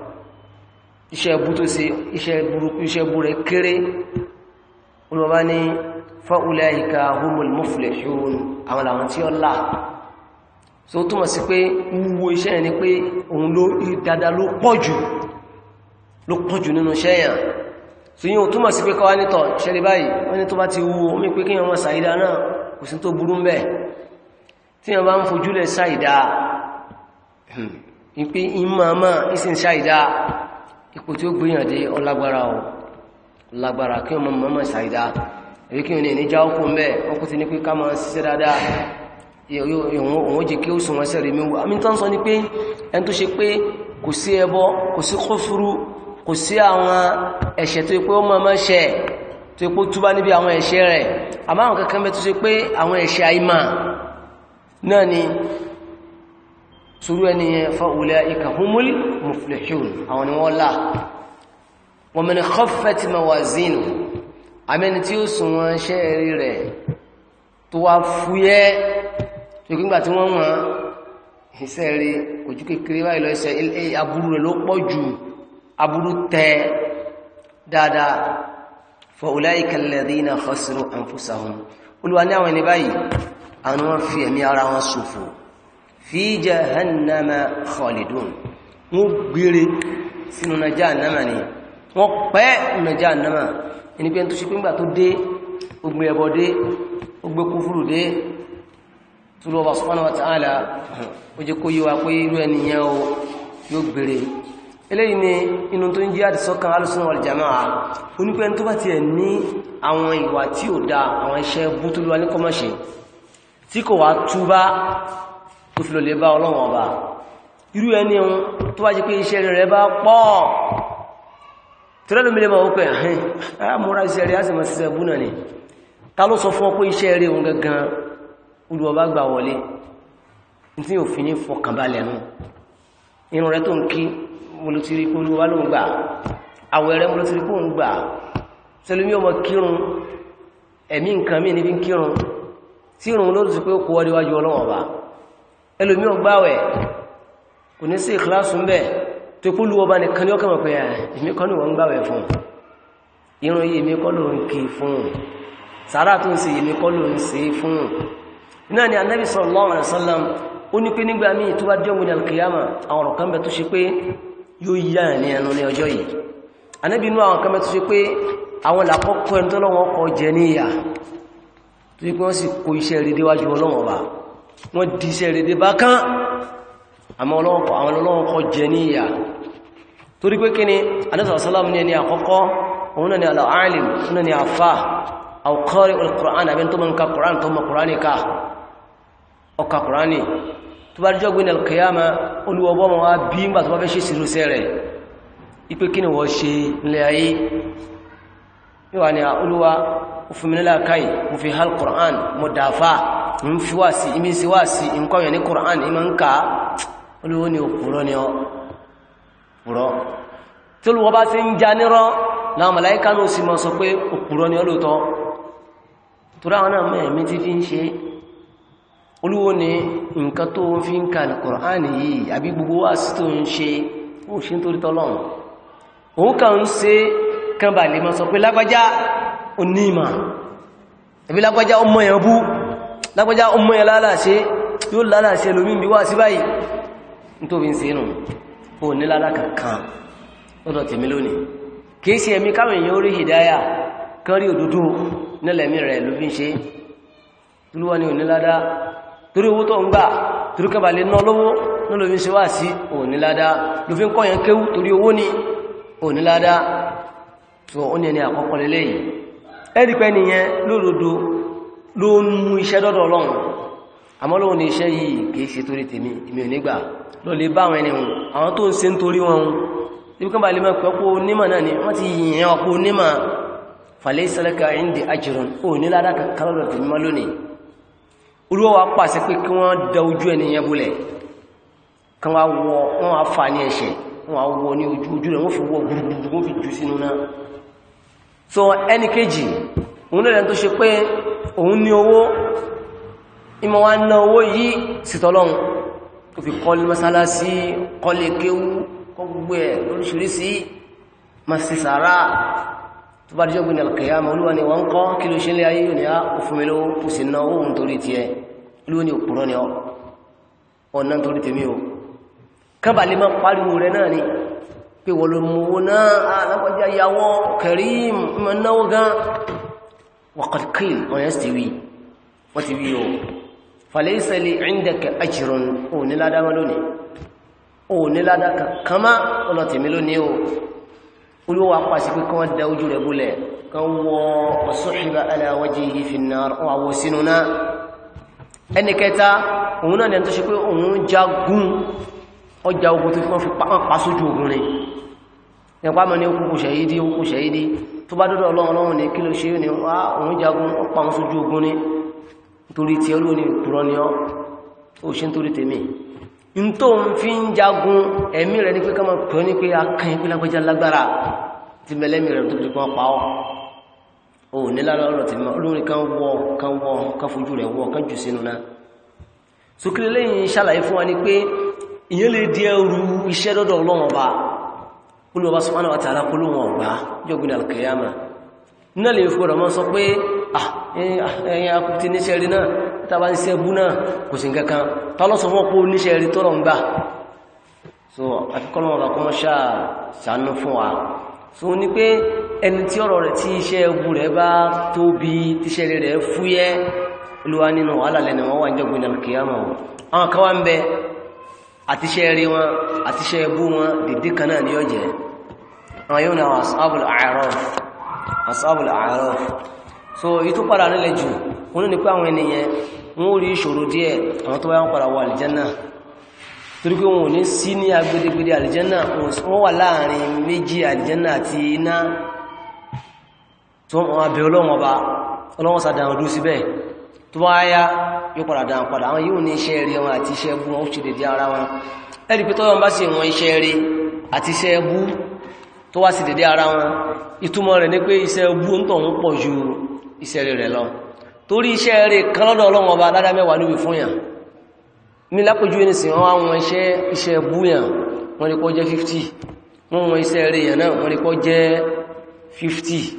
iṣẹ́ ẹbú tó ṣe iṣẹ́ burúkú iṣẹ́ ẹbú rẹ̀ kéré olùwọ́bá ní fa'ula ika humul muflihun àwọn àwọn tí ó là so túnmọ̀ sí pé wúwo iṣẹ́ ẹni pé òun ló dada ló pọ̀jù ló pọ̀jù nínú iṣẹ́ yàn so yíò túnmọ̀ sí pé kọwa nítọ̀ ṣẹlẹ̀ báyìí hmm, ìmọ̀ àmà ìsìn sàídá ipò tí ó gbéyàn dé ọlágbára o lágbára kí wọn mọ mọ ṣàìdá èyí kí wọn ní ìjà ọkọ mbẹ ọkọ ti ní pé ká máa ṣiṣẹ́ dáadáa òun jẹ kí ó sùn wọn sẹrẹ mi wò àmì tán sọ ni pé ẹni tó ṣe pé kò sí ẹbọ kò sí kófúrú kò sí àwọn ẹ̀ṣẹ̀ tó yẹ pé ó máa máa tó pé túbá níbi àwọn ẹ̀ṣẹ̀ rẹ̀ àmọ́ kankan bẹ tó ṣe pé àwọn ẹ̀ṣẹ̀ àìmọ̀ náà ni sùúrù ẹni yẹn fa ulaika humul muflihun àwọn ni wọ́n là wa man khaffat mawazinu àmẹ́ni tí ó sùn wọn ṣẹ́ rí rẹ̀ tó wá fúyẹ́ tó kí ń gbà tí wọ́n wọ́n iṣẹ́ rí ojú kékeré báyìí lọ iṣẹ́ aburú rẹ̀ ló pọ̀ jù aburú tẹ dáadáa fa ulaika fi jahannama khalidun wọ́n gbére sínú nàjá ànámà ni wọ́n pẹ́ nàjá ànámà ẹni pé tó ṣe pé ńgbà tó dé ogun ẹbọ dé ogun kúfúrú dé tulu ọba subhanahu wa ta'ala ó jẹ́ kó yíwa pé irú ẹniyàn o yóò gbére eléyìí ni inú tó ń jẹ́ àdìsọ́kan alùsùn kó fi lọ lè bá ọlọ́wọ̀n ọba irú ẹni ohun tó wá jí pé iṣẹ́ rẹ̀ bá pọ̀ tẹ́lẹ̀lú mílẹ̀ máa wọ́pẹ̀ ẹ̀hìn múra iṣẹ́ rẹ̀ á sì ṣiṣẹ́ bú náà ni ta ló sọ fún ọ pé iṣẹ́ rẹ̀ ohun gangan olùwọ̀bá gbà wọlé tí yóò fi ní fọkànbalẹ̀ nù irun rẹ̀ tó ń kí molotiri kó olúwa ló ń gbà àwẹ̀ rẹ̀ molotiri kó ń gbà tẹ́lẹ̀mí ọmọ kírun ẹlòmí ò gbáwẹ̀ kò ní sí ìkìláṣù ń bẹ̀ tó kú lúwọ́ bá nìkan ní ọkàmọ̀ pé èmi kọ́ ní wọ́n ń gbáwẹ̀ fún irun yìí èmi kọ́ ló ń kí fún sàárà tó ń ṣe èmi kọ́ ló ń ṣe fún náà ni anábì sallallahu alaihi wasallam ó ní pé nígbà míì tó bá jẹ́ òmìnira kìyàmà àwọn ọ̀rọ̀ kan lọ́wọ́ kọ jẹ wọ́n di iṣẹ́ rèdè bá kán àmọ́ àwọn ọlọ́ọ̀kọ́ jẹ ní ìyà torí pé kí ni anẹ́sàsálàm ní ẹni àkọ́kọ́ òun ni al'alim òun ni àfà àwọ̀kọ́rí olùkùrán àbẹ́ tó mọ́n ka kùrán tó mọ́ kùrán ká ọka kùrán tó bá jọ gbé ní alkiyama olùwọ́bọ́ ma wá bí ń bá tó bá fẹ́ ṣe sírúsẹ́ rẹ̀ ipé kí ni wọ́n ṣe nílẹ̀ ń fi wá sí imi sí wá sí nǹkan yẹn ní Qur'an ìmọ̀ ń ka olówó ni òpùrọ̀ ni ọ pùrọ̀ tí olùwọ́ bá ti ń ja nírọ́ láwọn màláíkà ló sì mọ́ sọ pé òpùrọ̀ ni ọlóòtọ́ torí àwọn náà mẹ́ẹ̀mí ti fi ń ṣe lágbàjá ọmọ ẹ̀ lálàṣe yóò lálàṣe lómi bí wá sí báyìí nítorí ń sínú ò ní lálàkà kan lọ́dọ̀ tèmi lónìí kìí sí ẹ̀mí káwọn èèyàn orí hìdáyà kan rí òdúdó nílẹ̀mí rẹ̀ ló fi ń ṣe lúwọ́ ni ò ní ládá torí owó tó ń gbà ṣe ló ń mú iṣẹ́ dọ́dọ̀ ọlọ́run àmọ́ lóhun ní iṣẹ́ yìí kìí ṣe torí tèmi èmi ò nígbà lọ lè bá àwọn ẹni hùn àwọn tó ń ṣe ń torí wọn hùn ibi kan bá lè mọ́ pẹ́pọ́ onímọ̀ náà ni wọ́n ti yìnyàn ọ̀pọ̀ onímọ̀ fàlẹ́ ìsẹ́lẹ́kà ìndì ajírun ó ní ládàkà kálọ́dọ̀ tèmi mọ́ lónìí olúwa wa pàṣẹ pé kí wọ́n da ojú ẹni yẹn bulẹ̀ kan wá wọ wọ́n wá fà ní ẹ̀ṣẹ̀ wọ́n wá wọ ní ojú ojú rẹ̀ wọ́n fi wọ gbùrùgbùrù wọ́n fi jù sínú náà so ẹnì kejì òun náà tó ṣe òun ní owó ìmọ̀ wá ná owó yìí sítọ́lọ́run tó fi kọ́lé mọ́sálásí kọ́lé kéwú kọ́ gbogbo ẹ̀ lóríṣiríṣi ma ṣe sàárà tó bá díjọ́ gbìnà kẹ̀yà ma olúwa ni wọ́n kọ́ kí ló ṣe lé ayé yóò ní á òfúnmiló kò sí ná owó ń torí tiẹ̀ olúwa ni òpùrọ́ ni ọ̀nà torí tèmi o kábàlì وقد قيل ويستوي وتبيو فليس لي عندك أجر أو نلا داملوني أو نلا داك كما ولا تملوني أو olúwa pàṣẹ pé kí wọ́n da ojú rẹ̀ búlẹ̀ kan wọ ọ̀sọ́ṣìbà aláwọ́jì yìí fi náà àwọ̀ sínú náà ẹni kẹta òun náà lẹ́n tó ṣe pé òun jagun ọjà ogun tó fi wọ́n fi pàṣójú ogun rẹ̀ nípa mọ́ ní okùnkùn ṣẹ̀yídí okùnkùn ṣẹ̀yídí tó bá dọ́dọ̀ ọlọ́run ọlọ́run ní kí ló ṣe ní wá òun jagun ó pa òun sójú ogun ní torí tí olóò ní ìkúrọ́ ni ọ́ ó ṣe ń torí tèmi n tó ń fi ń jagun ẹ̀mí rẹ̀ ní pé ká máa pè ọ́ ní pé akẹ́yìn pé lágbájá lágbára ti mẹ́lẹ́mí rẹ̀ tó kàn pa ọ́ ò ní lára ọ̀rọ̀ tèmi olórin kan wọ olùwọ́bá sọ́nà àtàrà kó lóhun ọ̀gbá jọ́gbìn alkiyama náà lè fọ́rọ̀ mọ́ sọ pé ah, ẹ̀yìn akùtí níṣẹ́ rí náà tàbá ń sẹ́bú náà kò sí kankan tọ́lọ́sọ fún ọpọ̀ níṣẹ́ rí tọ́rọ ń gbà so àfikọ́lọ́wọ́ bá kọ́mọ́ ṣáà sànú fún wa so ní pé ẹni tí ọ̀rọ̀ rẹ̀ tí iṣẹ́ ẹbú rẹ̀ bá tóbi tíṣẹ́ rẹ̀ fúyẹ́ olúwa nínú wàhálà lẹ́nu wọ́n wà ń jọ́gbìn alkiyama àwọn kan wá ń bẹ àtiṣẹ́ rí wọn àtiṣẹ́ ẹbú wọn dìdí kan náà ni yóò jẹ́ àwọn yóò náà asáàbùl àárọ̀f asáàbùl àárọ̀f so èyí tó padà nílẹ̀ jù wọn ní pé àwọn ènìyàn wọn ò rí ìṣòro díẹ̀ àwọn tó wáyé wọn padà wọ àlìjánà torí pé wọn ò ní sí ní agbedegbede àlìjánà wọn wà láàrin méjì àlìjánà àti iná tó wọn abẹ ọlọ́wọ́n ọba ọlọ́wọ́n sàdánwó dúró síbẹ̀ tó wáyá yóò padà dáhùn padà àwọn yóò ní iṣẹ́ rí wọn àti iṣẹ́ bú wọn ó ṣe dédé ara wọn ẹ̀rí pé tọ́lọ́n bá sì wọn iṣẹ́ rí àti iṣẹ́ bú tó wá sí dédé ara wọn ìtumọ̀ rẹ̀ ní pé iṣẹ́ bú ń tọ̀hún pọ̀ ju iṣẹ́ rí rẹ̀ lọ torí iṣẹ́ rí kan lọ́dọ̀ ọlọ́wọ́n ọba aládá mẹ́wàá níbi fún yàn ní lápòjú ẹni sì wọ́n wọn iṣẹ́ iṣẹ́ bú yàn wọ́n rí kọ́ jẹ́ 50 wọ́n wọn iṣẹ́ rí yàn náà wọ́n rí kọ́ jẹ́ 50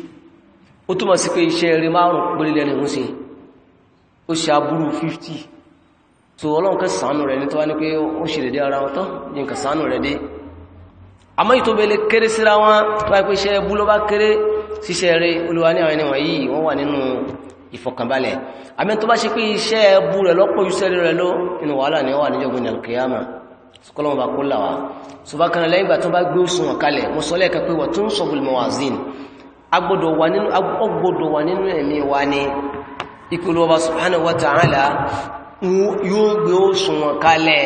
ó túmọ̀ sí pé iṣẹ́ rí márùn-ún péré lẹ́nu ó ṣe aburú 50 so ọlọ́run kẹ́ sàánù rẹ̀ ní tó wá ní pé ó ṣe dédé ara wọn tán yìí kẹ́ sàánù rẹ̀ dé àmọ́ ìtò bẹ̀lẹ̀ kéré síra wọn tó wáyé pé iṣẹ́ ẹbú ló bá kéré síṣẹ́ rẹ̀ olúwa ní àwọn ènìyàn yìí wọ́n wà nínú ìfọ̀kànbalẹ̀ àmì tó bá ṣe pé iṣẹ́ ẹbú ni wà níjọ́gbìn alkiyama sọkọlọ́wọ́n bá kó so bá kan lẹ́yìn ìgbà tó bá gbé òsùn wọn kalẹ̀ mo sọ lẹ́ẹ̀kan pé wọ́n tún sọ bùlmọ̀wazin agbọ́dọ̀ wà wa ni ìpínlọ́wà subhanahu wa ta'ala yóò gbé ó sùnwọ̀n kalẹ̀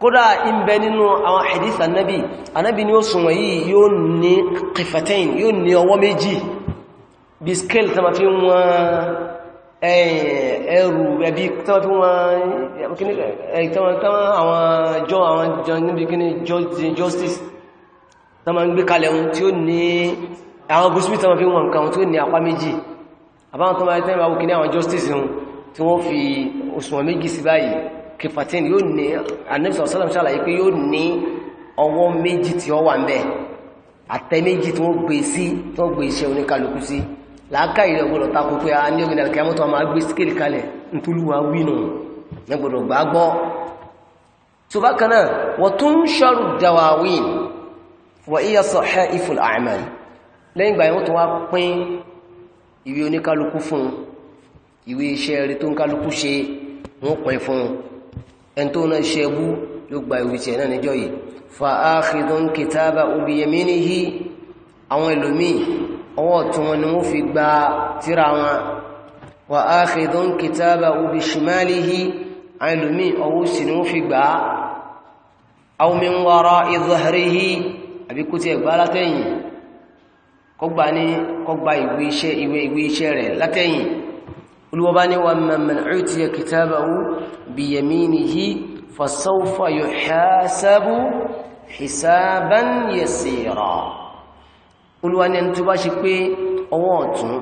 kódà ìbẹ̀ nínú àwọn hadith annabi annabi ni ó sùnwọ̀n yìí yóò ní kìfàtẹ́yìn yóò ní ọwọ́ méjì bí scale tàbí fi wọ́n ẹrù ẹbí tàbí wọ́n àwọn jọ àwọn jọ níbi kí ni justice tàbí gbé àbáwọn tó máa tẹ́lẹ̀ àwòkí ní àwọn justice hun tí wọ́n fi òṣùwọ̀n méjì sí báyìí kìfàtín yóò ní anẹ́bìsọ̀ sọ́lọ́m ṣàlàyé pé yóò ní ọwọ́ méjì tí ó wà ń bẹ̀ àtẹ méjì tí wọ́n gbé sí tí wọ́n gbé iṣẹ́ oníkàlùkù sí làákà ìrẹ̀ gbọ́dọ̀ takò pé a lẹ́yìn ìgbà yẹn wọ́n wá pín ìwé oníkálukú fún ìwé iṣẹ́ rẹ̀ tó ń kálukú ṣe wọ́n pín fún ẹn tó náà ṣe ẹbú yóò gba ìwé tiẹ̀ náà níjọ́ yìí fa akhidun kitaba ubi yaminihi àwọn ẹlòmíì ọwọ́ ọ̀tún wọn ni wọ́n fi gba tírà wọn wa akhidun kitaba ubi kọgbà ní kọgbà ìwé iṣẹ́ ìwé ìwé iṣẹ́ rẹ̀ látẹ̀yìn olúwọba ní wa man utiya kitabahu biyaminihi fasawfa yuhasabu hisaban yasira olúwa ní ẹni tó bá ṣe pé ọwọ́ ọ̀tún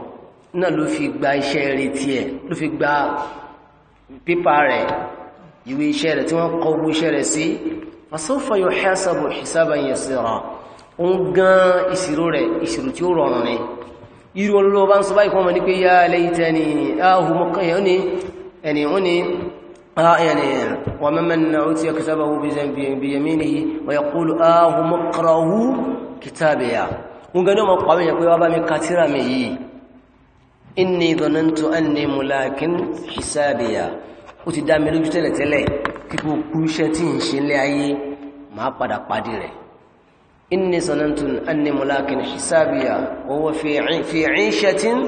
sí fasawfa ń gan ìṣirò rẹ̀ ìṣirò tí ó rọrùn ní irú olóòrò bá ń sọ báyìí kọmọ ní pé yá lẹ́yìtẹ́ ni ahùmọ́kànyàn ní ẹni wọ́n ni وممن أوتي كتابه بيمينه ويقول آه مقرأه كتابيا ونقول ما قوي يقول أبا من كثير مي إني ظننت أني ملاك حسابيا وتدامي رجل تلتلي كيكو كوشتين شلعي ما قد قدره inni sanantun anni mulakin hisabiya owó fi ìṣẹ́tín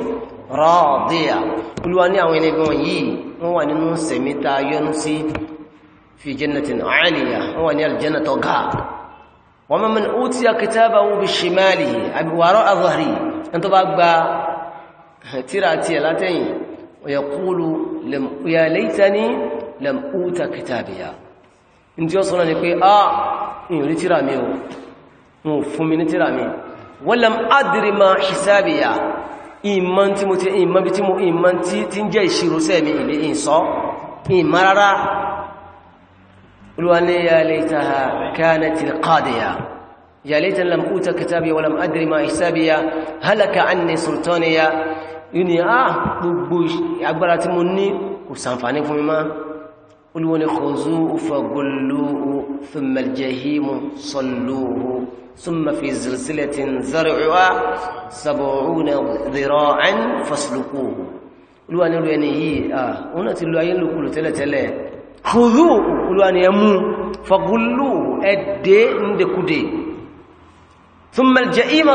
rọ́ọ̀díyà olúwa ní àwọn ẹni wọn yìí wọ́n wà nínú sẹ̀mítà yọnu sí fi jannatin aliyah wọ́n wà ní aljanna tó ga wọ́n mọ́mọ́n ó ti ya kìtàbà wọ́n bí ṣimali àbíwárọ́ azari ẹni tó bá gba tíra tí ẹ látẹ̀yìn ya kúlu ya laitani lam uta kìtàbíyà ní tí ó sọ́nà ni pé ah ìyòrí tíra mi o mo fún mi ní tíra mi walam adri ma hisabiya ìmọ̀ tí mo ti ìmọ̀ bí tí mo ìmọ̀ tí tí ń jẹ́ ìṣirò sẹ́ mi ìlé ìsọ́ ìmọ̀ rárá olúwalé ya laytaha kanatil qadiya ya laytan lam uta kitabiya walam adri ma hisabiya halaka anni sultaniya yìí ni a gbogbo agbára tí mo ní kò sàǹfàní fún mi máa olùwọ́n ni kòzú fagolóhu fìmẹ̀ljahimu sọlóhu súnmà fi zìlsílẹ̀ tí ń zariwa sàbòrú na zira'an faslukóhu olùwọ́n ni rẹ̀ ni yìí à wọ́n náà ti lo ayé lókùlù tẹ́lẹ̀tẹ́lẹ̀ kòzú olùwọ́n ni ẹmú fagolóhu ẹ̀dẹ́ ndekúdé fìmẹ̀ljahima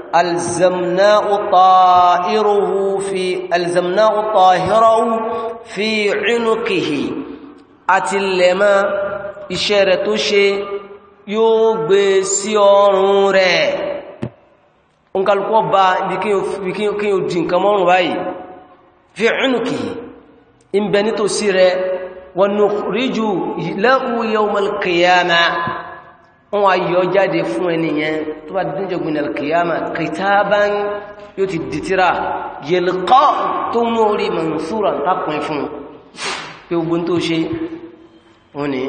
الزمناء طائره في الزمناء طاهره في عنقه أتلما إشارة شيء يوغبي سيورون ري nkàlùkọ́ bá ibi kí o jì nǹkan mọ́rùn báyìí fi عنقه ان bẹ سيره rẹ̀ ونخرج له يوم القيامة wọ́n wá yọ jáde fún ẹni yẹn tó bá díjọ gbìnà kìyàmà kìtàbán yóò ti dìtira yẹlẹ̀kọ́ tó mú orí mọ̀súra tápin fún pé ogun tó ṣe wọ́n ni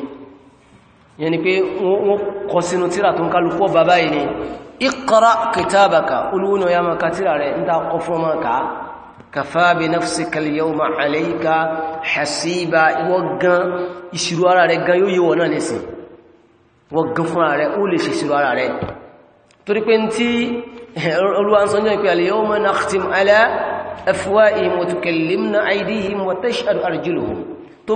yẹn ni pé wọ́n kọ sínú tíra tó ń kálukọ́ bàbá yìí ni iqra kìtàbàkà olúwọ́nà ká kàfà bí wọ́n gan fúnra rẹ̀ ó lè ṣèṣirò ara rẹ̀ torí pé tí olúwa ń sọ́jọ́ ìpé al-yawma nakhtim ala afwahihim wa tukallimuna aydihim wa tashhadu arjuluhum tó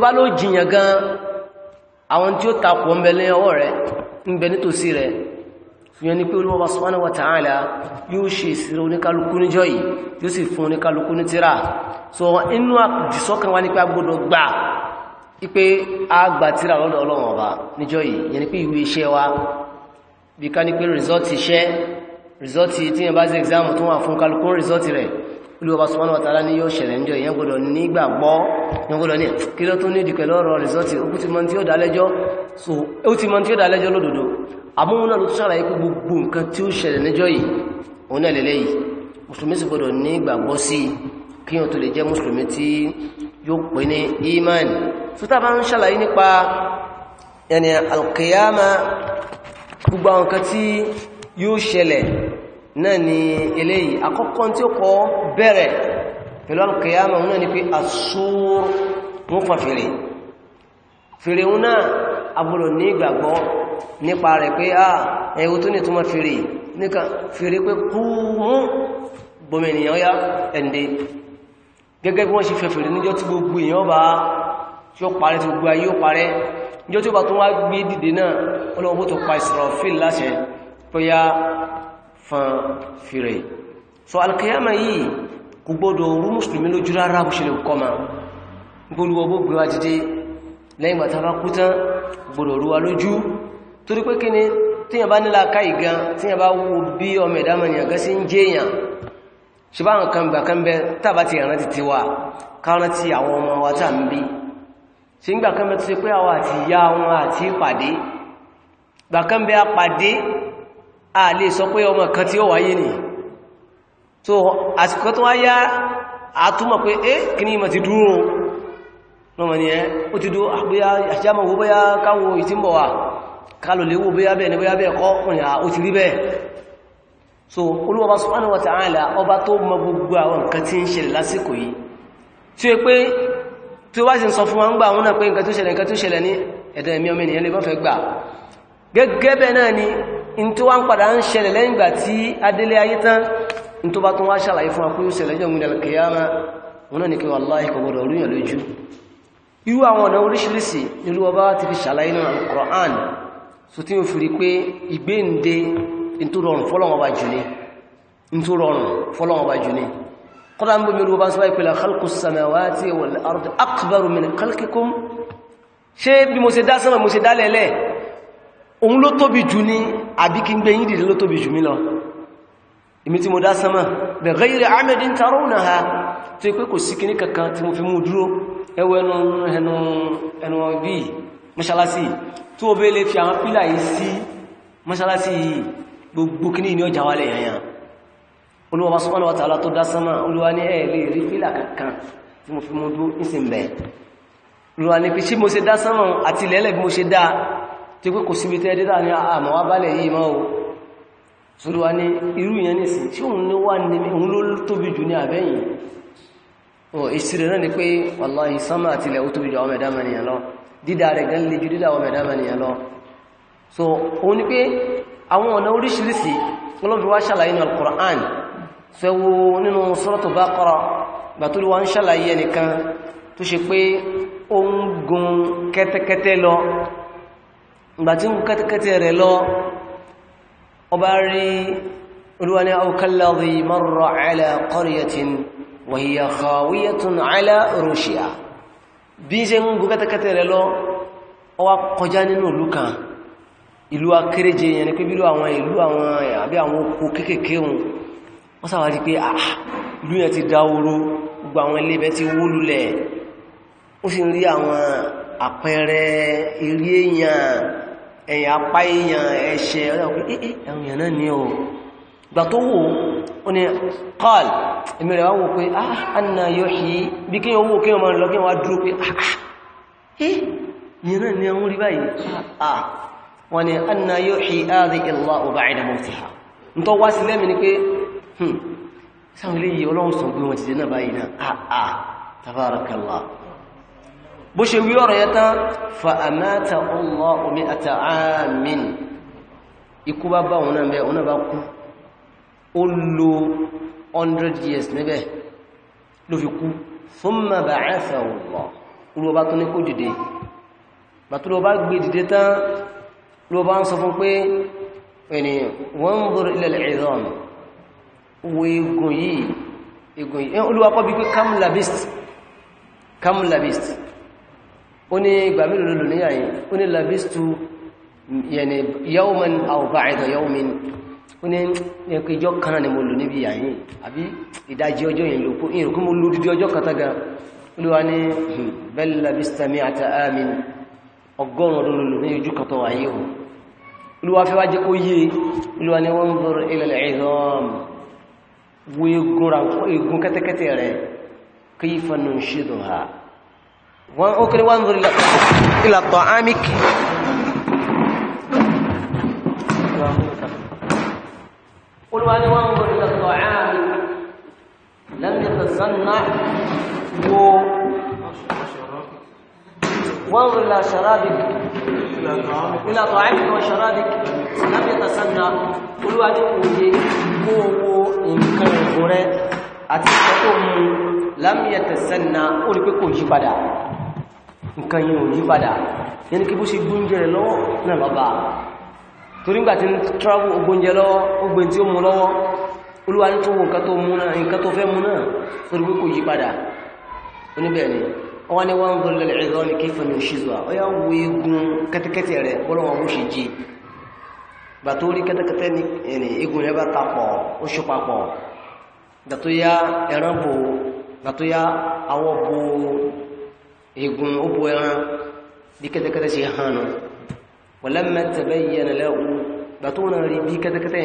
yóò ṣe ìṣirò oníkálukú níjọ́ yìí ní tíra so inú ipe agbatira lọ́dọ̀ ọlọ́run ọba níjọ́ yìí yẹn ni pé ìwé iṣẹ́ wa bí ká ní pé rìsọ́ọ̀tì iṣẹ́ rìsọ́ọ̀tì tí yẹn bá sí ẹ̀gzáàmù tó wà fún kálukú rìsọ́ọ̀tì rẹ̀ olúwọba sọmọ́nà wàtàlá ní yóò ṣẹlẹ̀ níjọ́ so ó ti mọ tí ó dálẹ́jọ́ lódodo àmúhun náà ló ṣàlàyé pé gbogbo nǹkan tí ó ṣẹlẹ̀ níjọ́ yìí òun náà lélẹ́yìí yóò pè ní iman sọ́tà bá ń ṣàlàyé nípa yàní alkiyama gbogbo àwọn kan tí yóò ṣẹlẹ̀ náà ni eléyìí àkọ́kọ́ tí ó kọ́ bẹ̀rẹ̀ pẹ̀lú alkiyama náà ni pé asúr mú fa fèrè fèrè wọn náà agbọ́dọ̀ ní ìgbàgbọ́ nípa rẹ̀ pé à ẹ̀wù tó ní túnmọ̀ fèrè fèrè gẹ́gẹ́ bí wọ́n ṣe fẹ̀fẹ̀rẹ̀ níjọ́ tí gbogbo èèyàn bá tí ó parẹ́ tí gbogbo ayé ó parẹ́ níjọ́ tí ó bá tó wá gbé dìde náà ọlọ́wọ́ tó pa Israfil láṣẹ pẹ́yà fan fèrè so alkiyama yìí kò gbọ́dọ̀ rú mùsùlùmí lójú rárá bó ṣe lè kọ́ ma gbogbo ọgbọ́ gbé wá jíde lẹ́yìn bàtà bá kú tán gbọ́dọ̀ rú wa lójú torí pé kí ni tíyàn bá ṣùgbọ́n àwọn kan gbà ti wà káwọn ti àwọn ọmọ wa tà ń bí ṣe ń gbà tó ṣe pé àwọn àti ìyá wọn àti pàdé gbà kan bẹ a lè sọ pé ọmọ kan tí ó wáyé nì so àsìkò tó wáyá àtúmọ̀ pé é kí ní ti dúró lọ́mọ ni ẹ́ ó ti dúró àpéyà so olúwọba subhanahu wa ta'ala ọba tó mọ gbogbo àwọn nǹkan tí ń ṣẹlẹ̀ lásìkò yìí tí ó pé tí ó wá sí sọ fún wa ń gbà àwọn náà pé nǹkan tó ṣẹlẹ̀ nǹkan tó ṣẹlẹ̀ ní ẹ̀dọ̀ ẹ̀mí ọmọ ènìyàn lè bá fẹ́ gbà gẹ́gẹ́ bẹ́ẹ̀ náà ni in tó wá ń padà ń ṣẹlẹ̀ lẹ́yìn ìgbà tí adélé ayé tán in tó bá tún quran so tí ó ntúrọrùn fọ́lọ́wọ́ba jù ní ntúrọrùn fọ́lọ́wọ́ba jù ní kọ́lá ń gbogbo olúwa bá ń sọ ìpìlẹ̀ khalqus samawati wal ardi akbaru min khalqikum ṣe bí mo ṣe dá sánmà mo ṣe dá lẹ́lẹ́ òun ló tóbi jù ní àbí kí n gbé yín dìde ló tóbi jù mí lọ èmi tí mo dá lè fi àwọn pílà yìí sí mọ́ṣálásí yìí gbogbo kí ní ní ọjà wálẹ̀ yẹn olúwa subhanahu wa ta'ala tó dá sánmà olúwa ní ẹ̀ lè rí fílà kankan tí mo fi mú dú ìsìnbẹ̀ olúwa ní pé ṣí mo ṣe dá sánmà àti ilẹ̀ẹ́lẹ̀ bí mo ṣe dá tí pé kò síbi tẹ́ dídá ní àmọ́ wá bálẹ̀ yìí mọ́ o sóríwá ní irú rẹ̀ gan le ju dídá àwọn ẹ̀dá mẹ́niyàn lọ so òun ni pé àwọn ọ̀nà oríṣiríṣi ọlọ́dún wá ṣàlàyé ní al-Qur'an fẹ́wo nínú Suratu Baqara bàtúrú wá ń ṣàlàyé ẹnìkan tó ṣe pé ó ń gun kẹ́tẹ́kẹ́tẹ́ lọ ìgbà tí ń gun kẹ́tẹ́kẹ́tẹ́ rẹ̀ lọ ọba rí olúwani aw kalladhi marra ala qaryatin wa hiya khawiyatun ìlú akérèje yẹn ni pé bílú àwọn ìlú àwọn àbí àwọn oko kéèkéé hun wọ́n sáwà rí pé àà ah, ìlú yẹn ti dá oró gbogbo àwọn ilé ibẹ̀ ti wó lulẹ̀ ó sì ń rí àwọn àpẹẹrẹ eré èèyàn ẹ̀yà apá èèyàn ẹ̀ṣẹ̀ ẹ̀yàn eh, eh, náà ni ó gbà tó wò ó ní kọ́l èmi rẹ̀ wá wò pé ah anna yóò ṣí bí kí wọ́n wò kí wọ́n máa lọ kí wọ́n wá dúró pé ah, ah eh ìyẹn náà ni àwọn ah, ah wọ́n ni anna yuhyi hadhihi Allahu ba'da mawtiha ń tọ́ wá sí lẹ́mìí ni pé hmm, sáwọn ilé yìí ọlọ́run sọ pé wọ́n ti dé náà báyìí náà àà ah, ah, tabarakallah bó ṣe wí ọ̀rọ̀ yẹn tán fa amata Allahu bá tún ní kó dìde bàtúrò bá gbé dìde tán ló bá ń sọ fún pé ẹni wọ́n ń bọ̀rọ̀ ilẹ̀ ìrọ̀n wo egun yìí egun yìí olúwa kọ́ bí pé kam labist kam labist ó ní ìgbà mélòó lò ní àyè ó ní labistu yẹni yawman aw ba'da yawmin ó ní ẹkọ ìjọ kan náà ni mo lò níbi àyè àbí ìdajì ọjọ́ yẹn lò ìrùkú mo lò dídí ọjọ́ kan olúwa ní bal labista mi'ata amin ọgọ́rùn ọdún lòlò ní ojú kan tó wáyé o olúwa fẹ́ wájẹ́ kó yé olúwa ni wọ́n ń bọ̀rọ̀ ilẹ̀ ìzọ́m wo egun ra egun kẹ́tẹ́kẹ́tẹ́ rẹ̀ kí yí fanu ń ولا شرابك إلى طعامك وشرابك لم يتسنى قلوا أدقوا قوة إن كان قرى أتسكتهم لم يتسنى قلوا كو يبدا إن كان يبدا yẹni kí bó ṣe gbóúnjẹ rẹ̀ lọ́wọ́ náà lọ́ba torí ngbà tí ń travel ogbóúnjẹ lọ́wọ́ ogbè tí ó mú lọ́wọ́ olúwa ní tó wọ nǹkan tó mú náà nǹkan tó fẹ́ mú náà torí pé kò yí padà oníbẹ̀ẹ́ ni wọ́n ni wọ́n bọ̀ lẹ́lẹ̀ ẹ̀rọ ní kí fẹ́ni òṣìṣẹ́ ọ yá wo egun kẹ́tẹ́kẹ́tẹ́ rẹ̀ bọ́lọ́wọ́ ó ṣe jí gbà tó rí kẹ́tẹ́kẹ́tẹ́ ní ẹni egun rẹ̀ bá tapọ̀ ó ṣe papọ̀ gbà tó yá ẹran bò gbà tó yá awọ bo egun ó bo ẹran bí kẹ́tẹ́kẹ́tẹ́ ṣe hàn nù walamma tabayyana lahu gbà tó rán rí bí kẹ́tẹ́kẹ́tẹ́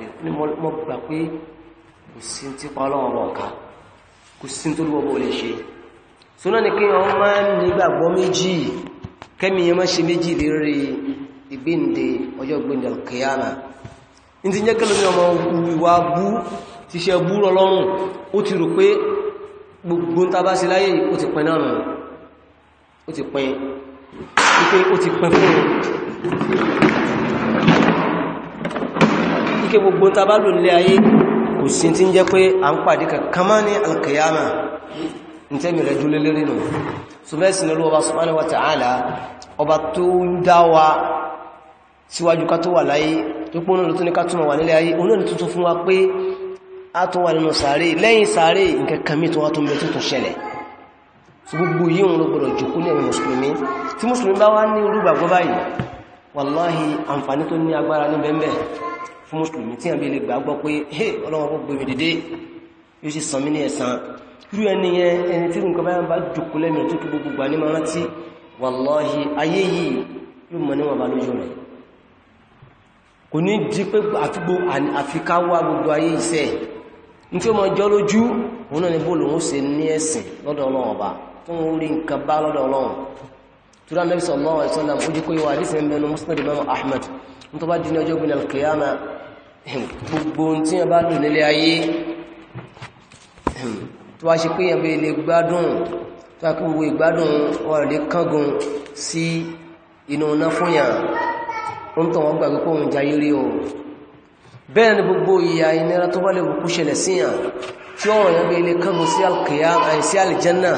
yẹn ṣe kò sí tí pa ọlọ́run wọn ká kò sí tó lúwọ́ bó lè ṣe sóná ni kí wọ́n máa ń nígbàgbọ́ méjì kẹ́mi yẹn má ṣe méjì lérí ìgbéǹde ọjọ́ ìgbéǹde alkiyama ní ti jẹ́ kẹ́lómi ọmọ ìwà gbogbo ń tàbá ike ó ti lò nílé ayé kò sí tí ń jẹ́ pé à ń pàdé kankan ní alkiyama ní tẹ́mì rẹ̀ dúlé lérí nù ṣùgbẹ́sìn olú ọba subhanahu wa ta'ala ọba tó ń dá wa síwájú ká tó wà láyé tó pọ́n náà tó ní ká túnmọ̀ wà nílé ayé olóòrùn tuntun fún wa pé a tó wà nínú sàárè lẹ́yìn sàárè nǹkan kan mí tó wá tó ń tó tún ṣẹlẹ̀ gbogbo yìí òun ló gbọdọ̀ ní ẹ̀mí mùsùlùmí tí mùsùlùmí bá wá ní irú báyìí wàláhì àǹfààní tó ní agbára ní bẹ́ẹ̀ fún mùsùlùmí tí àbí lè gbàgbọ́ pé hé ọlọ́wọ́ gbogbo mi dìde yóò sì sàn mí ní ẹ̀sán irú ẹni yẹn ẹni tí nǹkan báyà bá jòkó lẹ́mìí tó kí gbogbo gbà ní máa rántí wàláhì ayé yìí yóò mọ níwọ̀n bá lójú rẹ̀ kò ní di pé àfigbo àfiká wá gbogbo ayé iṣẹ́ ní tí ó máa jọ lójú òun ní bóòlù òun ṣe ní ẹ̀sìn lọ́dọ̀ ọlọ́run nabi sallallahu alaihi wasallam ojú kó yíwa àdísìn mẹ́nu musnad imam ahmed ní tó bá gbogbo tí wọ́n bá lò nílé ayé tó wá ṣe pé yẹn bèèrè gbádùn tó wá kí gbogbo ìgbádùn ọ̀rọ̀ lè kángun sí inú ọ̀nà fúnyà ń tàn wọ́n gbàgbé kóhun jayé rí o bẹ́ẹ̀ ni gbogbo ìyà ìnira tó bá lè wùkú ṣẹlẹ̀ síyàn tí ọ̀rọ̀ yẹn bèèrè kángun sí alkiyama àìsí eh, alìjẹ́nà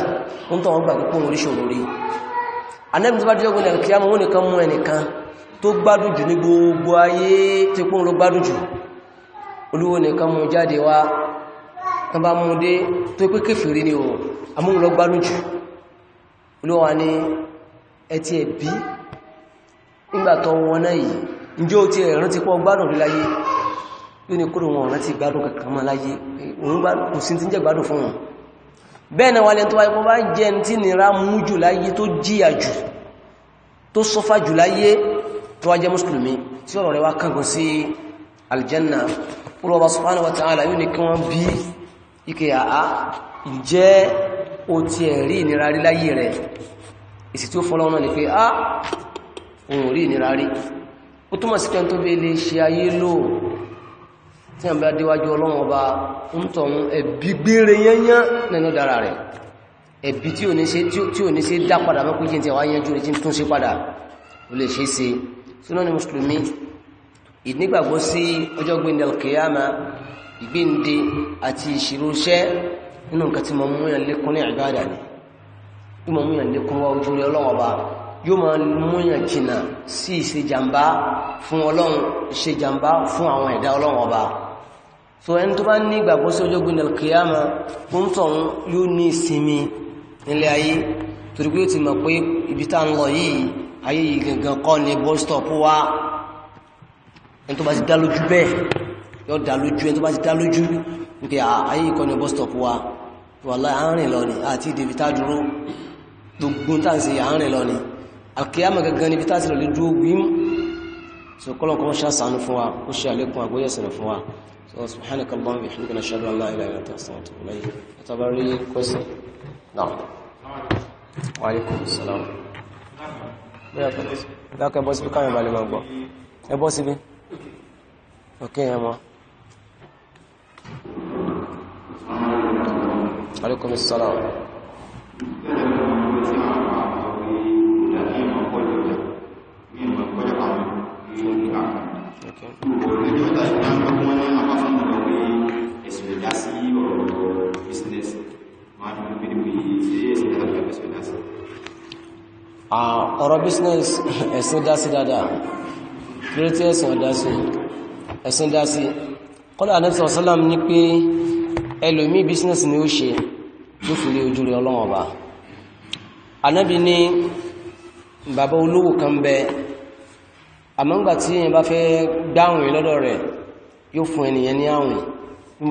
ń tàn wọ́n gbàgbé kóhun oríṣòro rí anẹ́bí bá dé ọgbìn alkiyama wọn nìkan mú ẹnìkan tó gbádùn jù ní gbogbo ayé tí kún ló gbádùn jù olúwo nìkan mú jáde wá kan bá mú dé tó pé kéfèrè ni o amóhun lọ gbádùn jù olúwo wá ní ẹtí ẹ̀bí nígbàtọ̀ wọn náà yìí njẹ́ o ti ẹ̀rán ti pọ́ gbádùn rí láyé yóò ní kúrò wọn rántí gbádùn kankan mọ́ láyé òun kò sí ti ń jẹ́ gbádùn fún wáyé pọ́ bá jẹ́ tí nira mú jù láyé tó jìyà jù tó sọ́fà jù láyé tó wá jẹ́ mùsùlùmí tí ọ̀rọ̀ rẹ̀ wá kángun sí aljanna olùwọ́bá subhanahu wa ta'ala yóò ní kí wọ́n bí ike àá ìjẹ́ o ti ẹ̀rí ìnira rí láyé rẹ̀ èsì tí ó fọ́lọ́ náà ni pé a òun rí ìnira rí ó túnmọ̀ sí kẹ́ntó bí ilé ṣe ayé lò tí àmì adéwájú ọlọ́run ọba ń tọ̀hún ẹ̀bí ó lè ṣe é sínú ni mùsùlùmí ìdígbàgbọ́ sí ọjọ́ gbẹ̀ndẹ̀ alkiyama ìgbẹ̀ndẹ̀ àti ìṣirò iṣẹ́ nínú nǹkan tí mo lékún ní ìbádà ni tí mo mú yàn lékún wá ojú rẹ ọlọ́wọ́ bá yóò máa mú yàn jìnà sí ìṣèjàmbá fún ọlọ́run ìṣèjàmbá fún àwọn ẹ̀dá ọlọ́wọ́ bá so ẹni tó bá ní ìgbàgbọ́ sí ọjọ́ gbẹ̀ndẹ̀ alkiyama mo ń yóò ní ìsinmi nílé ayé torí ti mọ̀ pé ibi tá ń lọ yìí ayé yìí gangan kọ́ ni bus stop wá ẹni tó bá ti dá lójú bẹ́ẹ̀ yóò dá lójú ẹni tó bá ti dá lójú nígbà ah, ayé yìí kọ́ ni bus stop wá wallahi àárín lọ ni àti ìdèbí tá dúró gbogbo tá à ń ṣe àárín lọ ni alkiyama gangan níbi tá a ti lọ so kọ́lọ̀ kọ́ ṣàṣàánú fún wa ó ṣe àlékún àgbóyẹ̀sìn fún wa so subhanaka allahumma wa bihamdika nashhadu an la ilaha illa anta astaghfiruka wa atabari question na'am wa alaykum assalam dákẹ́ bọ́ síbi káwọn ìbàlẹ̀ máa gbọ́ ẹ bọ́ síbi òkè yẹn mọ́. aleykum salaam. Business, man, we will be serious in the business ọ̀rọ̀ business ẹ̀sìn dá sí dáadáa kírítí ẹ̀sìn ọ̀dá sí ẹ̀sìn dá sí kọ́lá ànábì sọ̀sálàm ní pé ẹlòmí business ni ó ṣe ló fi rí ojú rẹ̀ ọlọ́wọ̀n ọba ànábì ní bàbá olówó kan bẹ àmọ́ngbà tí èèyàn bá fẹ́ gbáwìn lọ́dọ̀ rẹ̀ yóò fún ẹnìyàn ní àwìn bí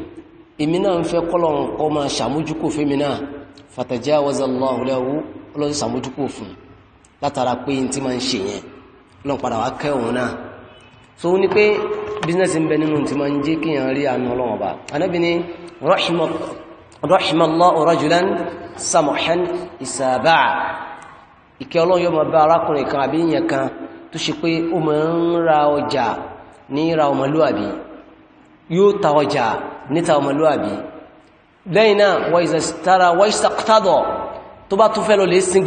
èmi náà ń fẹ́ kọ́lọ̀ nǹkan máa ṣàmójúkò fẹ́mi náà fatajawaza Allahu lahu ọlọ́sí ṣàmójúkò fún látara pé tí máa ń ṣe yẹn lọ́n padà wá kẹ́ òun náà so ní pé bísínẹ́sì ń bẹ nínú tí máa ń jẹ́ kí yàn rí àánú ọlọ́wọ̀n bá anábì ní rahimallahu rajulan samahan ìsàbà ìkẹ́ ọlọ́run yóò máa bá arákùnrin kan àbí èèyàn yóò ta ọjà nita ọmọlúwàbí abi náà wàìsàtara wàìsàkútàdọ̀ tó bá tún fẹ́ lọ lè sin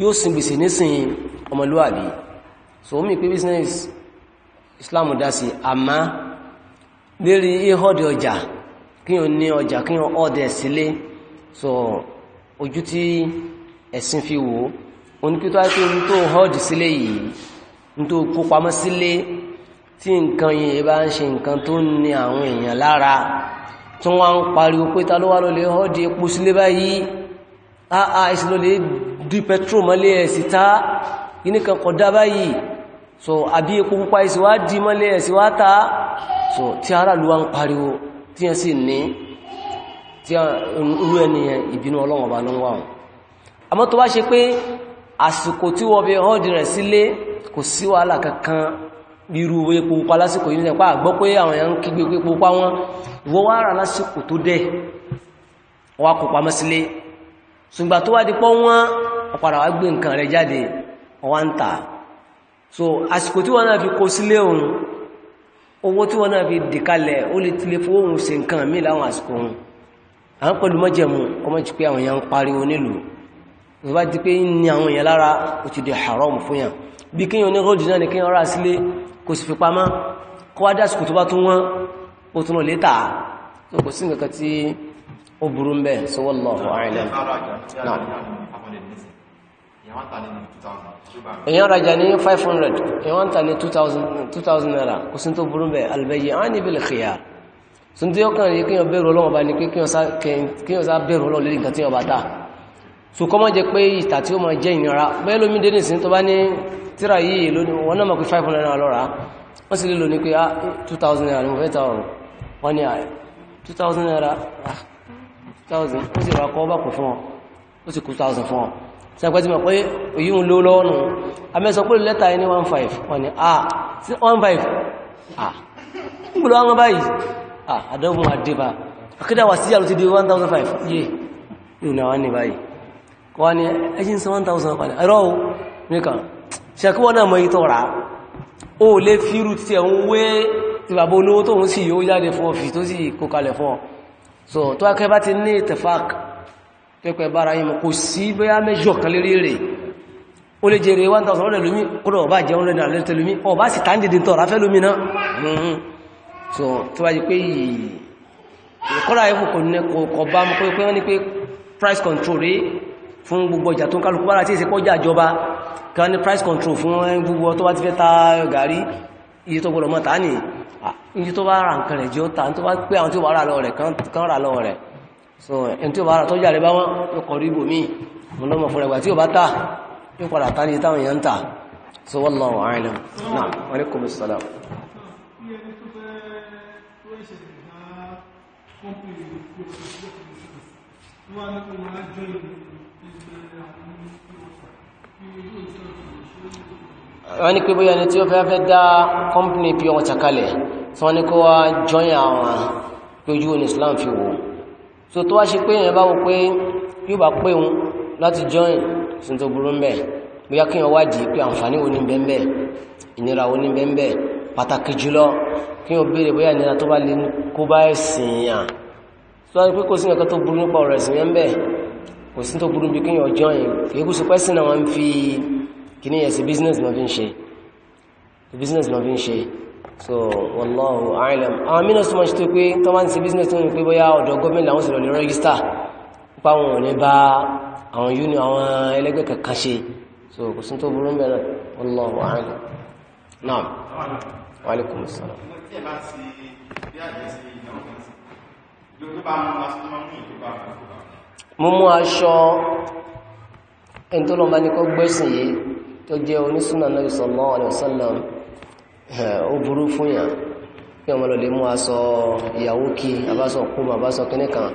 yóò sin nísìn ọmọlúwàbí so omi pé business islam dá sí àmá lérí ihọ́dẹ̀ ọjà o ní ọjà ki o sílé so ojú tí ẹ̀sìn fi wò ó ní pé tó á sílé yìí tó tí nǹkan yìí bá ń ṣe nǹkan tó ń ní àwọn èèyàn lára tí wọ́n ń pariwo pé ta ló wá lólè ọ́dí epo sílé báyìí àà ìsìlólè dí petro mọ́lé ẹ̀sìta yínìkan kọ̀dá báyìí so àbí epo pupa ìsìwá dí mọ́lé ẹ̀sìwá ta so tí ara ló wá ń pariwo tí yẹn sì ní tí irú ẹniyẹn ìbínú ọlọ́wọ̀n bá ló irú epo pupa lásìkò yìí nípa àgbọ́ pé àwọn èèyàn ń kígbe pé pupa wọn ìwọ wá rà lásìkò tó dẹ̀ wà kò pamọ́ sílé ṣùgbà tó wá di pọ́ wọ́n ọ̀padà wá gbé nǹkan rẹ̀ jáde ọwá ń tà so àsìkò tí wọ́n náà fi kó sílé òun owó tí wọ́n náà fi dìkalẹ̀ ó lè tilé fóòrùn ṣe nǹkan mí láwọn àsìkò òun à ń pẹ̀lú mọ́jẹ̀mú ọmọ jù pé àwọn èèyàn ń pariwo nílùú ìwá di pé ń ni àwọn èèyàn lára ó ti di haram fún yàn bí kíyàn ní góòdù náà ni kíyàn rà sílé kò sì fi pamọ́ kó wá dásìkò tó bá tún wọ́n ó tún lè tà á kò sí nǹkan tí ó burú ń bẹ̀ sọ wallahu a'lam náà èyàn rajà ní 500 èyàn tà ní 2000 naira kò sí tó burú ń bẹ̀ al-bay'ani bil khiyar tuntun yóò kàn rí kíyàn bẹ̀rù ọlọ́wọ́ bá ní kíyàn sá bẹ̀rù ọlọ́wọ́ lórí so kọ́ mọ́ jẹ pé ìtà tí ó mọ́ jẹ́ ìnira bẹ́ẹ̀ lómi dé nìsín tó bá ní tíra yìí lónìí wọ́n náà mọ̀ pé 500 naira lọ́ra wọ́n sì lè lò ní pé 2000 ah, naira ni mo fẹ́ ta ọ̀rọ̀ wọ́n ní 2000 ah, naira 2000 ah, ó sì rà kọ́ bá kò fún ọ ó sì kú 1000 fún ọ sẹ́pẹ́ tí mọ̀ pé èyí ń ló lọ́wọ́ nù amẹ́sọ pé lẹ́tà ẹni 15 wọ́n ní ah 15 ah ń gbọ́dọ̀ wọn báyìí ah àdọ́gbọ̀n àdébà akédàwà síyà ló di 1005 yé yóò náà wá ní báyìí wọ́n ni ẹjín sí 1000 padà ẹ̀rọ nìkan ṣẹ̀kúwọ́ náà mọ́ ìtọ́ rà ó lè fírù tí ẹ̀ ń wé ti bàbá olówó tó ń sì yóò jáde fún ọ̀fì tó sì kó kalẹ̀ fún ọ so tó akẹ́ bá ti ní ìtẹ̀fàk pẹ́pẹ́ bára yìí mọ̀ kò sí bóyá mẹ́jọ kan lérí rẹ̀ ó lè jèrè 1000 ọ̀rẹ́ lómi kúrò ọba jẹ́ ọ̀rẹ́ náà lẹ́tẹ̀ mm-hmm. so tó wáyé pé ìkọ́ra ẹ̀kọ́ kò ní kò bá mọ́ price control rèé fún gbogbo ìjà tó ń kálukú bára tí èsì pọ́jà ìjọba kan ní price control fún gbogbo tó bá ti fẹ́ ta gàrí iye tó gbọdọ̀ mọ́ ta ní iye tó bá ra nǹkan rẹ̀ jẹ́ ó ta tó bá pé àwọn tí ó bá ra lọ rẹ̀ kan ra lọ rẹ̀ so ẹni tí ó bá ra tọ́jà rẹ̀ bá wọ́n yóò kọ̀ rí ibòmí mo lọ́mọ fún ẹgbà so wallahu a'lam náà wa alaikum Wọ́n á ní kò máa jọ ìlú wọ́n ní pé bóyá ní tí ó fẹ́ fẹ́ dá kọ́mpìnì pí ọwọ́ takalẹ̀ tí wọ́n ní kó wá jọyìn àwọn lójú ní Islam fi wò so tó wá ṣe pé èèyàn bá wo pé yóò bá pé òun láti jọyìn sin tó burú mbẹ̀ bóyá kí wọ́n wádìí pé àǹfààní wo ní bẹ́ẹ̀ ìnira wo ní bẹ́ẹ̀ pàtàkì jùlọ kí wọ́n béèrè bóyá ìnira tó bá lè kó bá ẹ̀sìn yàn so wọ́n ní pé kò sí nǹkan tó burú nípa ọ̀rọ̀ ẹ̀sìn yẹn bẹ́ẹ̀ kò sí tó burú bí kí yàn join kìí kú sí pẹ́sì náà wọ́n fi kìíní yẹ̀ sí business náà fi ń ṣe business náà fi ń ṣe so wallahu a'lam àwọn mìíràn súnmọ́ ṣe tó pé tó wá ń ṣe business tó ń pé bóyá ọ̀dọ̀ gómìnà àwọn sọ̀rọ̀ lè register pa àwọn ò ní bá àwọn union àwọn ẹlẹ́gbẹ́ kankan ṣe so kò sí tó burú mẹ́rin wallahu a'lam naam wa alaikum assalam Yóò tó bá mú wa sí ọmọ mú ìjọba àkókò mo mú aṣọ ẹni tó tọ ní kó gbẹ́sìn yìí tó jẹ́ onísúnà náà sallallahu alaihi ó burú fún lọ lè mú aṣọ ìyàwó kí abáṣọ kúmọ abáṣọ kíní kan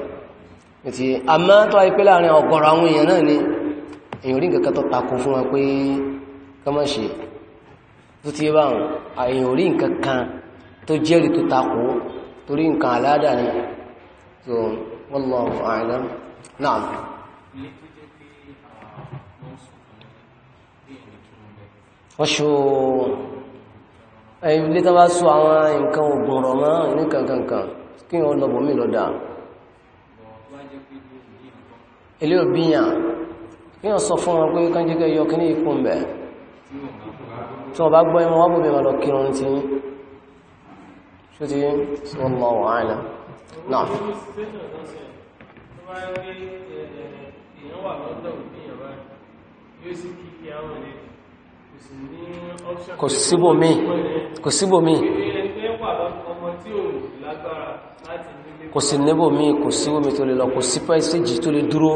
ti àmọ́ tó ayé pé láàrin ọ̀gọ̀rọ̀ àwọn èèyàn náà ni wallahu a'lam náà oṣù ilé tó bá sọ àwọn nǹkan ògbọ̀nrọ̀ mọ́ ní kankankan kí wọ́n lọ́bọ̀ mí lọ́dà ilé òbíyàn kí wọ́n sọ fún wọn pé kán jẹ́ kẹ́ yọ kí ní ikú mbẹ̀ tí wọ́n bá gbọ́ ẹmọ wọ́n bèèrè lọ kírun tí ṣútí sọ́lọ́wọ́ àìlẹ̀ náà bá ń gbé èèyàn wà lọ́dọ̀ òfin ẹ̀rọ yóò sì kí kí àwọn ẹ̀rẹ́ kò síbò míì kò síbò míì kò sí níbò míì kò síbò míì tó lè lọ kò sí pẹ́sẹ́jì tó lè dúró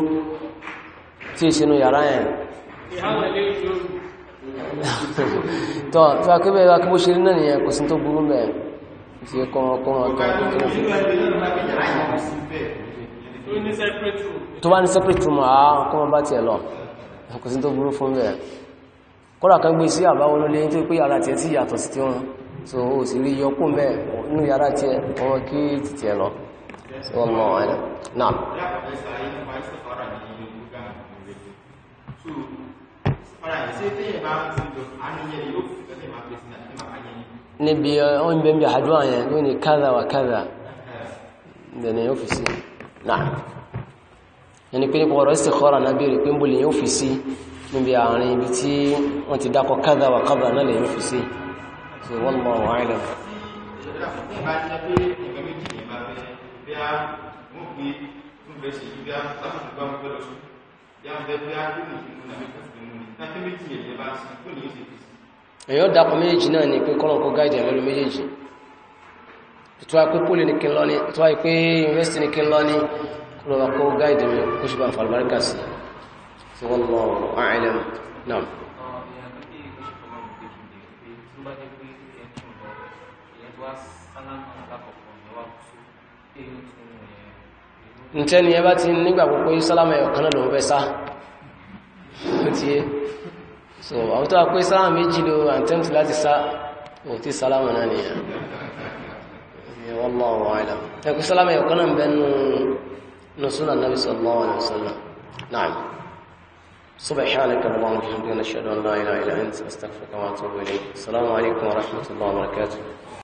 tí ìsinú yàrá yẹn tọ́ tí a kébẹ̀ wá kí bó ṣe rí náà nìyẹn kò sí tó burú mẹ́ tí kọ́ ọkọ́ ọkọ́ tó bá ní separate room àá kọ́ mọ́ bá tiẹ̀ lọ kò sí tó burú fún bẹ́ẹ̀ kọ́lá kan gbé sí àbáwọn olóòlé tó pé yàrá yàtọ̀ sí tí wọ́n so ó sì rí yọkún bẹ́ẹ̀ nínú yàrá tiẹ̀ ọmọ kí ẹ lọ náà ẹni pé nípa ọ̀rọ̀ istikhara náà bèèrè pé ń bò lè yóò fi sí níbi àárín ibi tí wọ́n ti dákọ̀ kádà wà kádà náà lè yóò fi sí so wọ́n mọ̀ wọ́n àìlẹ̀ èyàn dákọ̀ méjèèjì náà ni pé kọ́lọ̀kọ́ gáìdì ẹ̀mẹ́lú méjèèjì tó wá pé pólì ní kí n lọ ní tó wá pé yunifásitì ní kí n lọ ní kó lọ́wọ́ kó gáìdì mi kó ṣe bá falùbáríkà sí tí wọ́n lọ àìlẹ́m náà. ǹtẹ́ ni ẹ bá ti nígbàgbọ́ pé sálámà ẹ̀yọ̀ kan náà lòún fẹ́ ti yé so àwọn tó wá pé sálámà méjì ló àǹtẹ́ǹtì láti sá òun ti sálámà náà nìyẹn والله اعلم تكو سلام يا كلام بانه نسنا النبي صلى الله عليه وسلم نعم سبحانك اللهم وبحمدك نشهد ان لا اله الا انت استغفرك واتوب اليك السلام عليكم ورحمه الله وبركاته